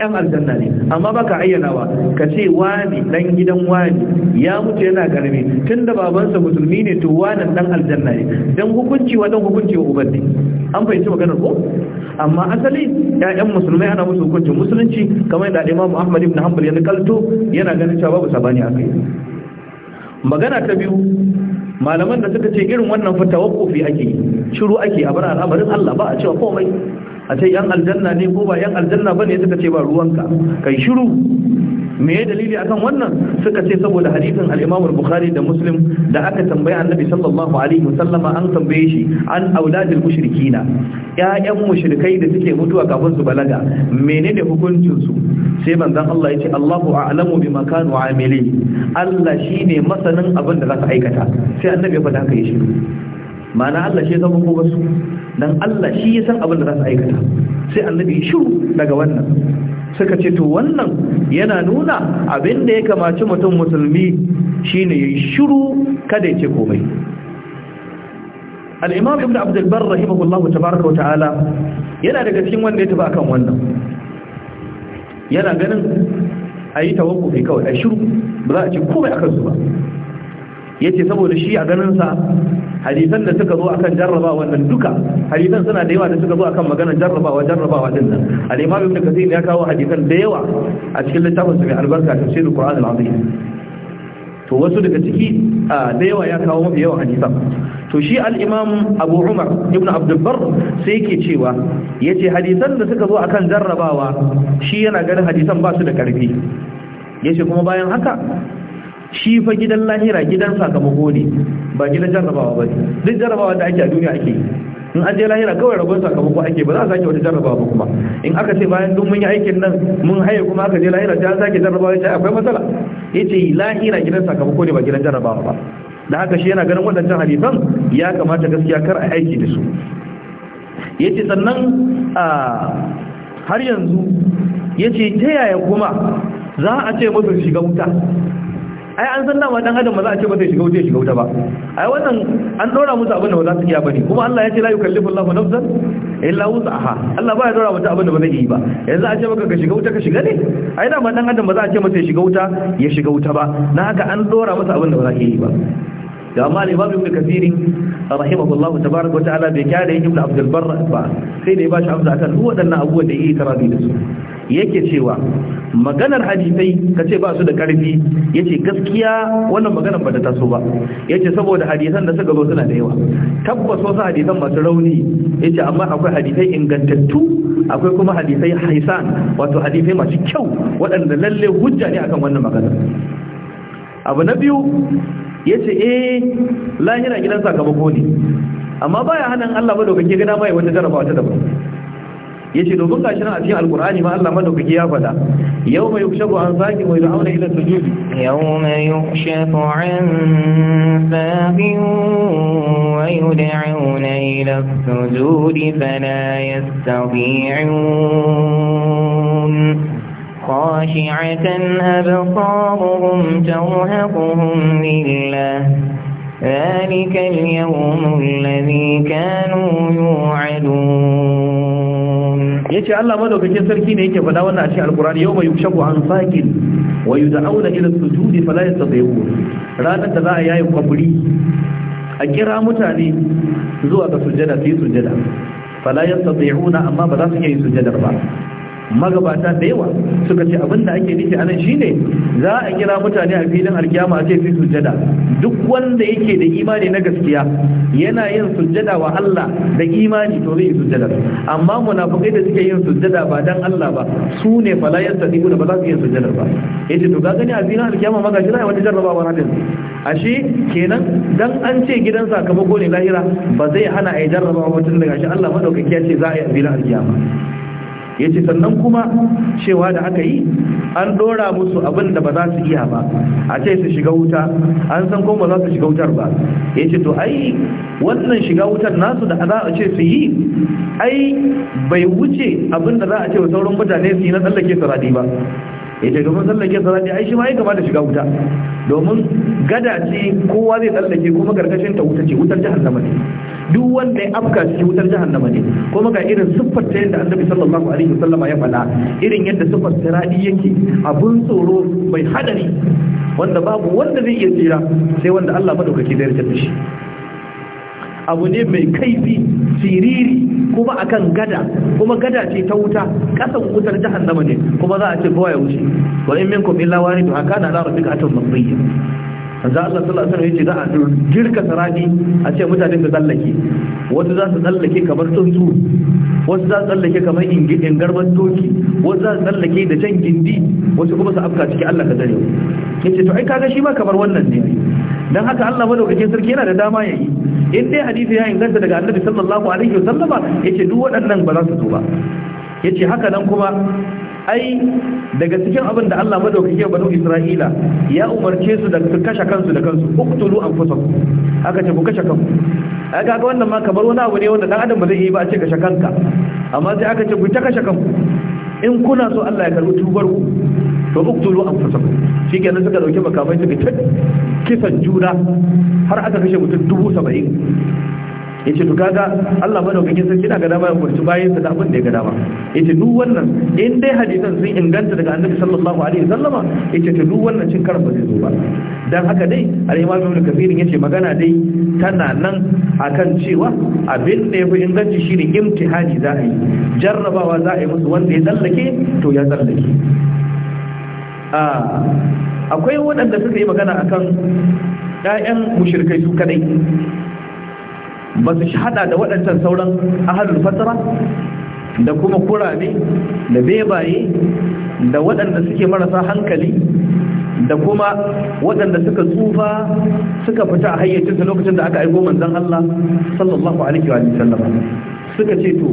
ƴan aljanna ne amma baka ayyanawa kace wani dan gidan wani ya mutu yana karami tunda babansa musulmi ne to wani dan aljanna ne dan hukunci wa dan hukunci wa ubanni an fahimci maganar ko amma asali ƴaƴan musulmai ana musu hukunci musulunci kamar da Imam muhammad ibn Hanbal ya kalto yana ganin cewa babu sabani akai magana ta biyu malaman da suka ce irin wannan fa tawakkufi ake shiru ake a bar al'amarin Allah ba a cewa komai a ce yan aljanna ne ko ba yan aljanna bane suka ce ba ruwanka kai shiru me dalili akan wannan suka ce saboda hadisin al-Imam bukhari da Muslim da aka tambaye Annabi sallallahu alaihi wasallama an tambaye shi an auladul mushrikina ƴaƴan mushrikai da suke mutuwa kafin su balaga menene hukuncin su sai manzon Allah ya ce Allahu a'lamu bima kanu amilin Allah shine masanin abin da za su aikata sai Annabi ya faɗa ka ya shi ma'ana Allah shi ya zama ko wasu dan Allah shi ya san abin da za su aikata sai annabi shiru daga wannan suka ce to wannan yana nuna abin da ya kamaci mutum musulmi shine ya shiru kada ya ce komai al-imam ibn abd al-barr rahimahullahu tabaaraka wa ta'ala yana daga cikin wanda ya tafi akan wannan yana ganin ayi tawakkufi kawai a shiru ba za a ce komai akan su ba Ya ce saboda shi a ganin sa hadisan da suka zo akan jarrabawa nan duka hadisan suna da yawa da suka zo akan maganar jarrabawa jarrabawa din nan al-imam ibn kathir ya kawo hadisan da yawa a cikin littafin sa mai albarka tafsirul qur'an al-azim to wasu daga ciki da yawa ya kawo mafi yawan hadisan to shi al-imam abu umar ibn abdulbar sai yake cewa yace hadisan da suka zo akan jarrabawa shi yana ganin hadisan ba su da karfi yace kuma bayan haka shi fa gidan lahira gidan sakamako ne ba gidan jarrabawa ba ne duk jarrabawa da ake a duniya ake in an je lahira kawai rabon sakamako ake ba za a sake wata jarrabawa ba kuma in aka ce bayan duk mun yi aikin nan mun haye kuma aka je lahira ta sake jarrabawa ya akwai matsala ya ce lahira gidan sakamako ne ba gidan jarrabawa ba da haka shi yana ganin waɗancan hadisan ya kamata gaskiya kar a aiki da su ya ce sannan har yanzu ya ce ta yaya kuma za a ce mutum shiga wuta ai an san dama dan adam ba za a ce ba zai shiga wuta shiga wuta ba ai wannan an dora musu abin da ba za su iya bane kuma Allah ya ce la yukallifu Allahu nafsan illa wus'aha Allah ba ya dora mutu abin da ba zai yi ba yanzu a ce maka ka shiga wuta ka shiga ne ai dama dan adam ba za a ce masa ya shiga wuta ya shiga wuta ba na haka an dora masa abin da ba za ka yi ba da amma al-imam ibn kathir rahimahullahu tabaraka wata'ala bai kyale ibn abd al ba sai da ya bashi amsa akan duk waɗannan abubuwan da yake tarabi da su yake cewa maganar hadisai kace ba su da karfi yace gaskiya wannan maganar ba ta taso ba yace saboda hadisan da suka zo suna da yawa tabbas wasu hadisan masu rauni yace amma akwai hadisai ingantattu akwai kuma hadisai haisan wato hadisai masu kyau waɗanda lalle hujja ne akan wannan magana abu na biyu ya ce eh lahira gidan sakamako ne amma baya hannun Allah madaukake gada mai wata jaraba wata daban yace domin gashi nan a cikin alqur'ani ma Allah madaukaki ya faɗa yawma yukshafu an saqin wa yud'auna ila sujudi yawma yukshafu an saqin wa yud'auna ila sujudi fala yastati'un خاشعة أبصارهم ترهقهم لله ذلك اليوم الذي كانوا يوعدون يتي الله ماذا كنت سركين يتي فلاونا أشياء القرآن يوم يكشف عن فاكر ويدعون إلى السجود فلا يستطيعون رانا تباع يا يقبلي أكرا متعلي ذوك سجدة في سجدة فلا يستطيعون أما بلاسك يسجد magabata da yawa suka ce abinda ake nufi anan shine za a kira mutane a filin alkiyama a ce fi sujjada duk wanda yake da imani na gaskiya yana yin sujjada wa Allah da imani to zai sujjada amma munafikai da suke yin sujjada ba dan Allah ba su ne fala yastadiquna ba za su yi sujjada ba yace to ga gani a filin alkiyama maga shi jarraba wa radin ashe kenan dan an ce gidan sakamako ne lahira ba zai hana a yi jarrabawa mutum daga shi Allah madaukaki ya ce za a yi a filin alkiyama ya sannan kuma cewa da aka yi an dora musu abin da ba za su iya ba a ce su shiga wuta an san kuma ba za su shiga wutar ba ya ce to ai wannan shiga wutar nasu da za a ce su yi ai bai wuce abin da za a ce wa sauran mutane su yi na tsallake sarari ba ya ce domin tsallake sarati ai shi ma ya da shiga wuta domin gada ce kowa zai tsallake kuma karkashin ta wuta ce wutar jahannama ne duk wanda ya afka cikin wutar jahannama ne kuma ga irin siffar ta yadda annabi sallallahu alaihi wasallam ya faɗa irin yadda siffar sarati yake abun tsoro mai haɗari. wanda babu wanda zai iya tsira sai wanda Allah madaukaki zai rike shi abu ne mai kaifi siriri kuma akan gada kuma gada ce ta wuta kasan wutar jahannama ne kuma za a ce bawa ya wuce wa in minkum illa waridu hakana la rabbika atun mabiyya za Allah sallallahu lasar wasallam yace za a girka sarari a ce mutane su tsallake wasu za su tsallake kamar tsuntsu wasu za su tsallake kamar ingin garban doki wasu za su tsallake da can gindi wasu kuma su afka ciki Allah ka dare ce to ai kaga shi ma kamar wannan ne Don haka Allah madaukakin sarki yana da dama ya yi. in dai hadisi ya inganta daga Annabi sallallahu alaihi wasallama ce duk waɗannan ba za su zo ba Ya ce haka nan kuma ai daga cikin abin da Allah madaukake banu Isra'ila ya umarce su da su kashe kansu da kansu uqtulu anfusakum aka ce ku kashe kanku aka ga wannan ma kamar wani abu ne wanda dan adam ba zai yi ba a ce kashe kanka amma sai aka ce ku ta kashe kanku in kuna so Allah ya karbi tubar ku to uqtulu anfusakum shikenan suka dauke makamai suka kisan juna har aka kashe mutum 70 yace to kaga Allah madaukakin sarki na ga dama ya kurci bayin sa da abin da ya ga dama yace duk wannan in dai hadisan sun inganta daga Annabi sallallahu alaihi wasallama yace to duk wannan cin karan zai zo ba dan haka dai al-Imam Ibn Kathir yace magana dai tana nan akan cewa abin da yafi inganci shine imtihani za a yi jarrabawa za a yi musu wanda ya tsallake to ya tsallake akwai waɗanda suka yi magana akan 'ya'yan mushrikai su kadai ba su hada da waɗancan sauran ahalul fatara da kuma kurame da bebaye da waɗanda suke marasa hankali da kuma waɗanda suka tsufa suka fita a hayyacinsa lokacin da aka aiko manzan Allah sallallahu alaihi wa sallam suka ce to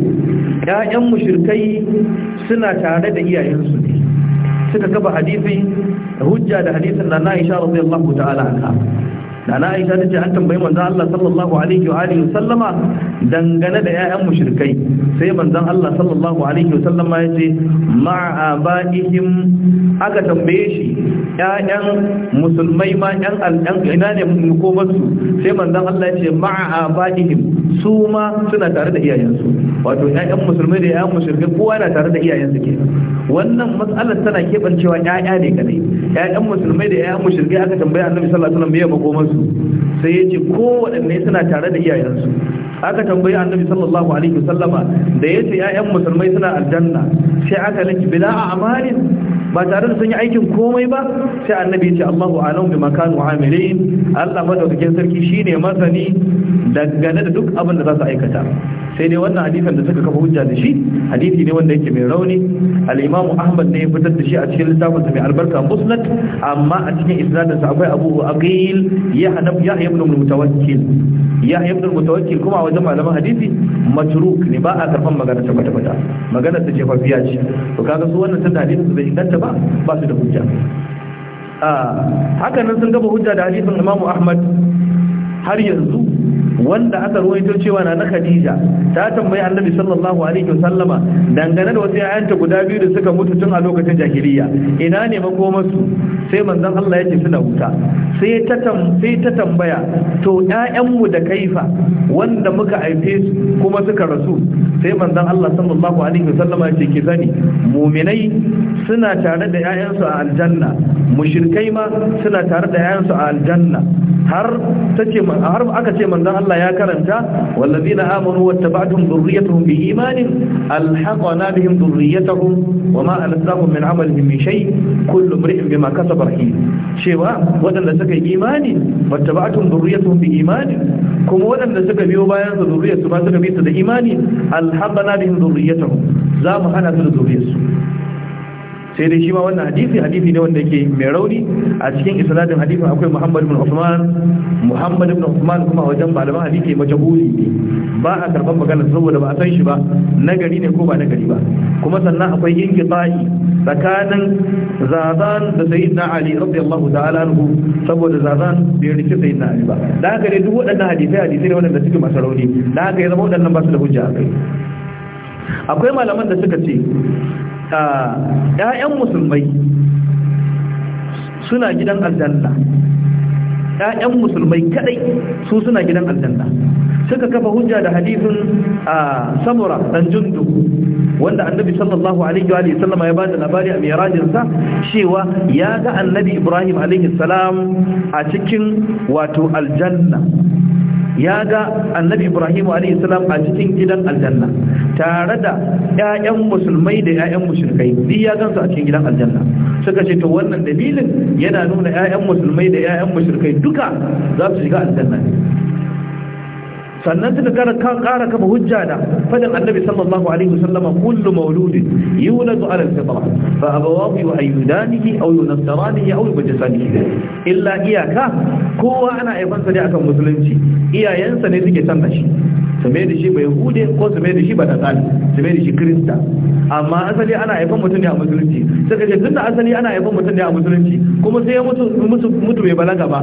ƴaƴan mushrikai suna tare da iyayensu ne suka kafa hadisi hujja da hadisin na Aisha radiyallahu ta'ala anha nana aisha ta ce an tambayi manzon Allah sallallahu alaihi wa alihi sallama dangane da ƴaƴan mushrikai sai manzon Allah sallallahu alaihi wa sallama yace ma'a abaihim aka tambaye shi ƴaƴan musulmai ma ƴan al'an ina ne mu ko su sai manzon Allah yace ma'a abaihim su ma suna tare da iyayensu wato ƴaƴan musulmai da ƴaƴan mushrikai kowa na tare da iyayensu kenan wannan mas'alar tana kebancewa ƴaƴa ne kadai ƴaƴan musulmai da ƴaƴan mushrikai aka tambaya Annabi sallallahu alaihi wasallam me ya makomansu sai ya ce kowaɗanne suna tare da iyayensu aka tambayi annabi sallallahu alaihi wasallama da ya ce 'ya'yan musulmai suna aljanna sai aka laki bila a amalin ba tare da sun yi aikin komai ba sai annabi ya ce Allahu alam bi makanu amilin Allah madaukakin sarki shine masani dangane da duk abin da za su aikata sai dai wannan hadisin da suka kafa hujja da shi hadisi ne wanda yake mai rauni al-Imam Ahmad ne ya fitar da shi a cikin littafin sa mai albarka Musnad amma a cikin isnadin sa akwai Abu Aqil Yahya ya ibn Mutawakkil ya ibn Mutawakkil kuma a wajen malaman hadisi matruk ne ba a karban magana ta kwata-kwata magana ta ce fafiya ce to kaga su wannan tunda hadisin bai inganta ba ba su da hujja ah, haka nan sun gaba hujja da hadisin imamu ahmad har yanzu wanda aka ruwaito cewa na na Khadija ta tambayi Annabi sallallahu alaihi wasallama dangane da wasu ayanta guda biyu da suka mutu tun a lokacin jahiliya ina ne makomar su sai manzon Allah yake suna huta. sai ta sai ta tambaya to ƴaƴanmu da kaifa wanda muka aife su kuma suka rasu sai manzon Allah sallallahu alaihi wasallama yake ki sani mu'minai suna tare da ƴaƴansu a aljanna mushrikai ma suna tare da ƴaƴansu a aljanna har tace har aka ce manzon Allah ya karanta wallazina amanu wattaba'tum dhurriyyatahum biimanin alhaqna bihim dhurriyyatahum wama alzahum min amalihim min shay kullu imrin bima kasaba rahim cewa wadanda suka yi imani wattaba'tum dhurriyyatahum biimanin kuma wadanda suka biyo bayan su dhurriyyatu ba suka bi su da imani alhaqna bihim dhurriyyatahum za mu hana su da dhurriyyarsu sai dai shi ma wannan hadisi hadisi ne wanda yake mai rauni a cikin isnadin hadisin akwai Muhammad ibn Uthman Muhammad ibn Uthman kuma wajen malaman hadisi majhuli ne ba a karban magana saboda ba a san shi ba nagari ne ko ba nagari ba kuma sannan akwai inqita'i tsakanin Zazan da Sayyidina Ali radiyallahu ta'ala anhu saboda Zazan bai rike Sayyidina Ali ba da haka dai duk waɗannan hadisi hadisi ne wanda suke masu rauni da haka ya zama waɗannan ba su da hujja akai akwai malaman da suka ce Ya'yan musulmai suna gidan aljanna Ya'yan musulmai kadai su suna gidan aljanna suka kafa hujja da hadisin samura dan jundu wanda annabi sallallahu alaihi wa sallama ya bada labari a mirajinsa cewa ya ga annabi ibrahim alaihi salam a cikin wato aljanna ya ga annabi ibrahim alaihi salam a cikin gidan aljanna tare da ƴaƴan musulmai da ƴaƴan mushrikai duk ya gansu a cikin gidan aljanna suka ce to wannan dalilin yana nuna ƴaƴan musulmai da ƴaƴan mushrikai duka za su shiga aljanna ne sannan suka kara kara kafa hujja da fadin annabi sallallahu alaihi wasallama kullu mauludin yuladu ala al-fitra fa abawahu yu'ayyudanihi aw yunassaranihi aw yubajjisanihi illa iyaka kowa ana aifansa ne akan musulunci iyayensa ne suke sanna shi su mai da shi bai hude ko su mai da shi ba da tsali su mai da shi kirista amma asali ana aifan mutum ne a musulunci suka ce tun asali ana aifan mutum ne a musulunci kuma sai ya mutu mutu bai balaga ba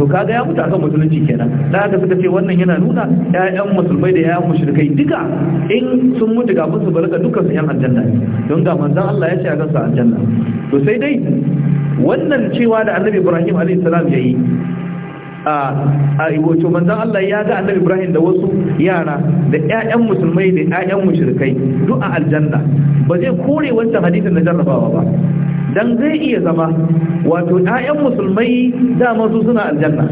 to kaga ya mutu akan musulunci kenan da aka suka ce wannan yana nuna ƴaƴan musulmai da ƴaƴan mushrikai duka in sun mutu ga musu barka dukkan su yan aljanna don ga manzon Allah ya ce a kansa aljanna to sai dai wannan cewa da Annabi Ibrahim alayhi salam yi, a wato manzan Allah ya ga annabi Ibrahim da wasu yara da ƴaƴan musulmai da ƴaƴan mushrikai duk a aljanna ba zai kore wancan hadisin na jarrabawa ba dan zai iya zama wato 'ya'yan musulmai dama su suna aljanna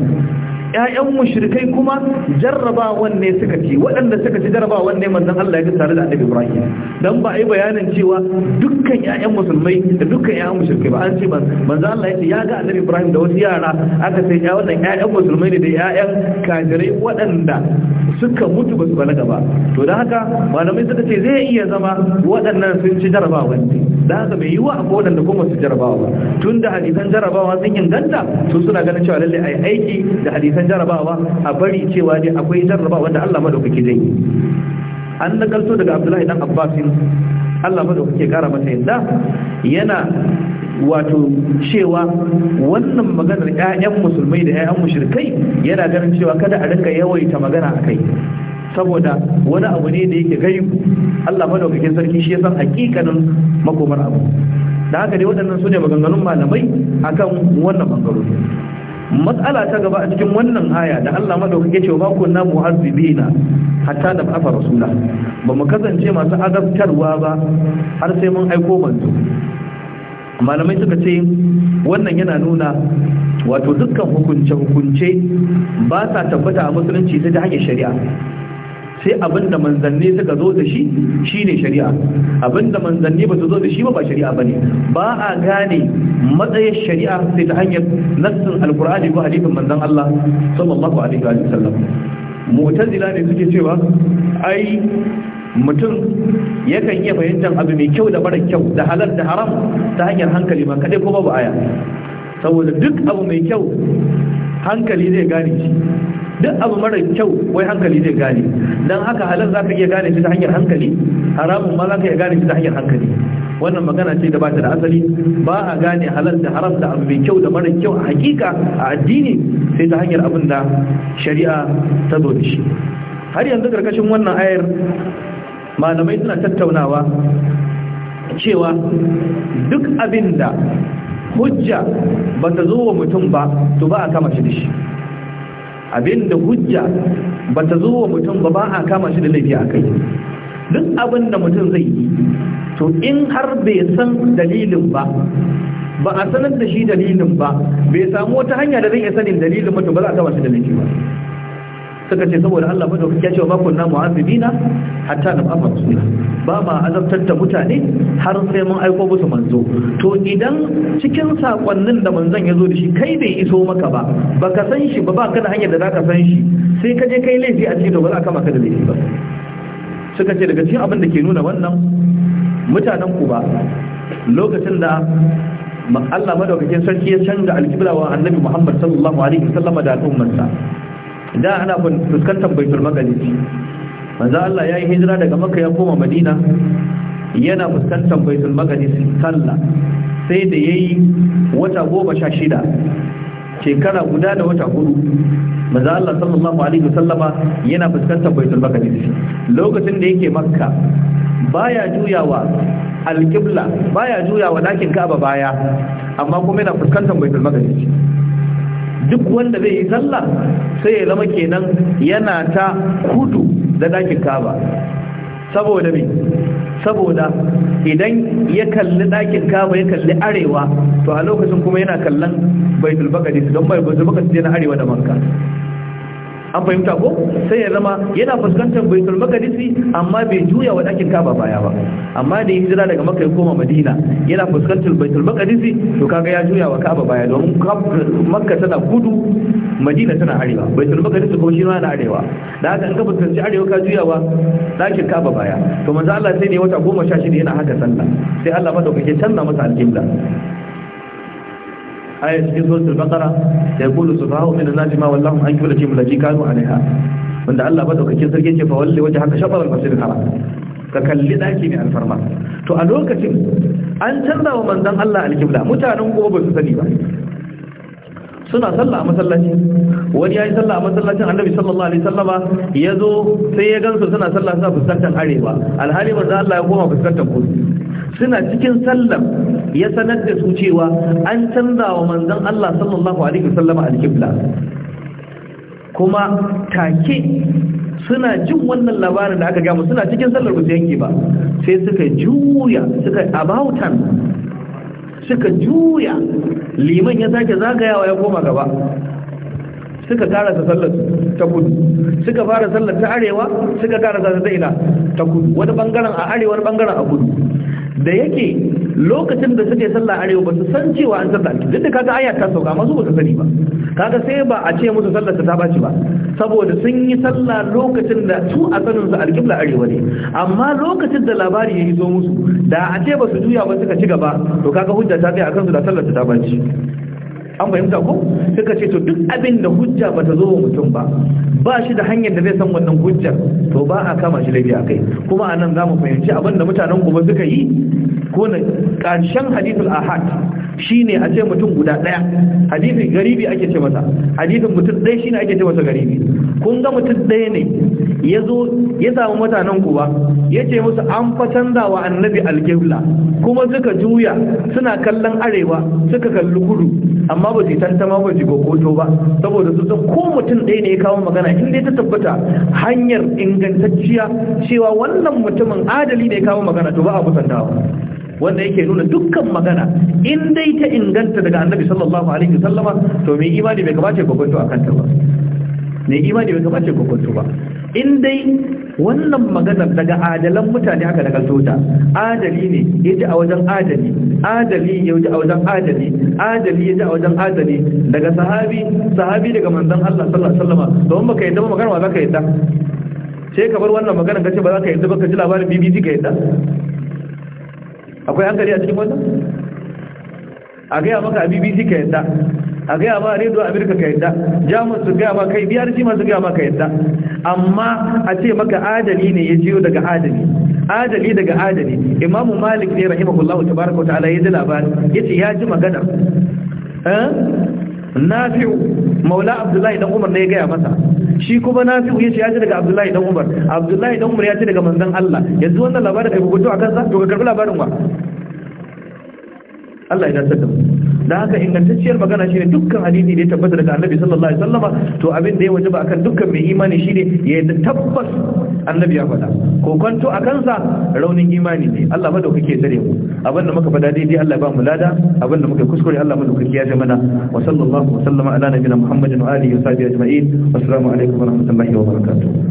ƴaƴan mushrikai kuma jarraba ne suka ci waɗanda suka ci jarraba ne manzon Allah ya ji tare da Annabi Ibrahim dan ba ai bayanin cewa dukkan ƴaƴan musulmai da dukkan ƴaƴan mushrikai ba an ce manzon Allah ya ce ya ga Annabi Ibrahim da wasu yara aka sai ya wannan ƴaƴan musulmai ne da ƴaƴan kafirai waɗanda suka mutu ba su balaga ba to da haka malamai suka ce zai iya zama waɗannan sun ci jarraba ne da haka bai yi wa akwai waɗanda kuma su jarrabawa tunda hadisan jarrabawa sun inganta su suna ganin cewa lallai ai aiki da hadisan ta jarabawa a bari cewa dai akwai jarrabawa wanda Allah madaukake zai yi an nakalto daga Abdullahi dan Abbas, Allah madaukake kara masa yadda yana wato cewa wannan maganar ƴaƴan musulmai da ƴaƴan mushrikai yana ganin cewa kada a rinka yawaita magana akai saboda wani abu ne da yake gaibu Allah madaukakin sarki shi ya san hakikanin makomar abu da haka dai waɗannan su ne maganganun malamai akan wannan bangaro matsala ta gaba a cikin wannan haya da Allah madaukake cewa ba kunna na hatta da afa rasulullah ba mu kasance masu azabtarwa ba har sai mun aiko manzo malamai suka ce wannan yana nuna wato dukkan hukunce hukunce ba sa tabbata a musulunci sai da hanyar shari'a sai abinda manzanni suka zo da shi shine shari'a abinda manzanni ba su zo da shi ba ba shari'a bane ba a gane matsayin shari'a sai ta hanyar nassin alqur'ani ko hadisin manzon Allah sallallahu alaihi wa sallam mu'tazila ne suke cewa ai mutum yakan iya fahimtar abu mai kyau da mara kyau da halal da haram ta hanyar hankali ba kadai ko babu aya saboda duk abu mai kyau hankali zai gane shi duk abu mara kyau wai hankali zai gane don haka halar za ka iya gane shi ta hanyar hankali haramun ma za ka iya gane shi ta hanyar hankali wannan magana ce da bata da asali ba a gane halar da haram da abu mai kyau da mara kyau a hakika a addini sai ta hanyar abin da shari'a ta zo da shi har yanzu karkashin wannan ayar malamai suna tattaunawa cewa duk abin da hujja ba ta zo wa mutum ba to ba a kama shi da shi Abin da hujja ba ta zo wa mutum ba ba a kama shi da laifi a kai duk abin da mutum zai yi to in har bai san dalilin ba ba a sanar da shi dalilin ba bai samu wata hanya da zai iya sanin dalilin mutum ba za a kama shi da laifi ba suka ce saboda Allah madaukaki ya ce ba kunna mu'azzibina hatta na ba'a suna, ba ma azabtar da mutane har sai mun aiko musu manzo to idan cikin sakonnin da manzon ya zo da shi kai bai iso maka ba baka san shi ba baka da hanyar da zaka san shi sai ka je kai laifi a cikin ba aka ka maka da laifi ba suka ce daga cikin abin da ke nuna wannan mutanen ba, lokacin da Allah madaukakin sarki ya canza alkibla wa annabi Muhammad sallallahu alaihi wasallam da al'ummarsa da ana fuskantar baitul maqdis manzo Allah yayi hijira daga makka ya koma madina yana fuskantar baitul maqdis sallah sai da yayi wata goma sha shida shekara guda da wata hudu manzo Allah sallallahu alaihi wasallama yana fuskantar baitul maqdis lokacin da yake makka baya juyawa alqibla baya juyawa lakin kaaba baya amma kuma yana fuskantar baitul maqdis duk wanda zai yi sallah sai ya zama kenan yana ta kudu da ɗakin kaba saboda me saboda idan ya kalli ɗakin kaba ya kalli arewa to a lokacin kuma yana kallon baitul baqadis don baitul baqadis yana arewa da makka an fahimta ko sai ya zama yana fuskantar baitul maqdisi amma bai juya wa dakin kaba baya ba amma da ya hijira daga makka ya koma madina yana fuskantar baitul maqdisi to kaga ya juya wa kaba baya domin makka tana kudu madina tana arewa baitul maqdisi ko shi yana arewa da haka in ka fuskanci arewa ka juya wa dakin kaba baya to manzo Allah sai ne wata 16 yana haka sallah sai Allah madaukakin canza masa aljibla Aya آية في سورة البقرة يقول سبحانه من الناس ما ولهم أن كبلتهم التي كانوا عليها wanda Allah ba daukakin sarki ce fa walle waje haka shabar al-masjid haram ka kalli daki ne alfarma to a lokacin an canza wa manzon Allah al-qibla mutanen gobe ba su sani ba suna sallah a masallaci wani ya yi sallah a masallacin Annabi sallallahu alaihi sallama, ya zo sai ya gansu suna sallah suna fuskantar arewa alhali manzon Allah ya koma fuskantar kudu suna cikin sallar ya sanar da su cewa an canza wa manzan Allah sallallahu alaihi wasallama al-qibla kuma take suna jin wannan labarin da aka gama suna cikin sallar ba su yanke ba sai suka juya suka abautan suka juya liman ya sake zagayawa ya koma gaba suka karasa sallar ta kudu suka fara sallar ta arewa suka karasa ta ina ta kudu wani bangaren a arewar bangaren a kudu da yake lokacin da suke sallah arewa ba su san cewa an sallah duk da kaga aya ta sauka masu ba su sani ba kaga sai ba a ce musu sallah ta bace ba saboda sun yi sallah lokacin da su a sanin su alƙibla arewa ne amma lokacin da labari ya yi zo musu da a ce ba su juya ba suka ci gaba to kaga hujja ta kai akan su da sallah ta bace. an fahimta ko suka ce to duk abin da hujja ba ta zo wa mutum ba ba shi da hanyar da zai san wannan hujjar to ba a kama shi laifi a kai kuma a nan za mu fahimci abin da mutanen gobe suka yi ko na ƙarshen hadithul ahad ne a ce mutum guda ɗaya hadithin garibi ake ce masa hadithin mutum ɗaya shi ne ake ce masa garibi kun ga mutum ɗaya ne ya zo ya samu mutanen gobe ya ce musu an fa canza wa annabi alkebla kuma suka juya suna kallon arewa suka kalli kudu amma amma ba su tantama ba su ba saboda su san ko mutum ɗaya ne ya kawo magana in dai ta tabbata hanyar ingantacciya cewa wannan mutumin adali ne ya kawo magana to ba a kusantawa wanda yake nuna dukkan magana in dai ta inganta daga annabi sallallahu alaihi wasallama to mai imani bai kamace gogoto a kanta ba mai imani bai kamace gogoto ba in dai wannan maganar daga adalan mutane aka daga sota adali ne ya ji a wajen adali adali ya ji a wajen adali adali ya ji a wajen adali daga sahabi sahabi daga manzan Allah sallallahu alaihi wasallam don baka yadda maganar magana ba zaka yadda sai ka bar wannan magana kace ba zaka yadda ba ka ji labarin BBC ka yadda akwai hankali a cikin wannan a ga maka a BBC ka yadda a gaya ba rediyo amurka ka yadda jamus su gaya ba kai biyar shi su gaya ba ka yadda amma a ce maka adali ne ya jiyo daga adali adali daga adali imamu malik ne rahimahullahu tabaraka wa ta'ala ya ji labari yace ya ji magana eh? nafi'u maula abdullahi dan umar ne ya gaya masa shi kuma nafi'u ce ya ji daga abdullahi dan umar abdullahi dan umar ya ji daga manzon Allah yanzu wannan labarin kai ku gudu akan sa to ka karbi labarin wa Allah ya dace da haka ingantacciyar magana shine dukkan hadisi da ya tabbata daga Annabi sallallahu alaihi wasallam to abin da ya wajaba akan dukkan mai imani shine ya tabbas Annabi ya faɗa ko kwanto a kansa raunin imani ne Allah madaukake ya tsare mu abin da muka faɗa daidai Allah ya ba mu lada abin da muka kuskure Allah madaukake ya mana wa sallallahu wa sallama ala nabiyina Muhammadin wa alihi wa sahbihi ajma'in assalamu alaikum wa rahmatullahi wa barakatuh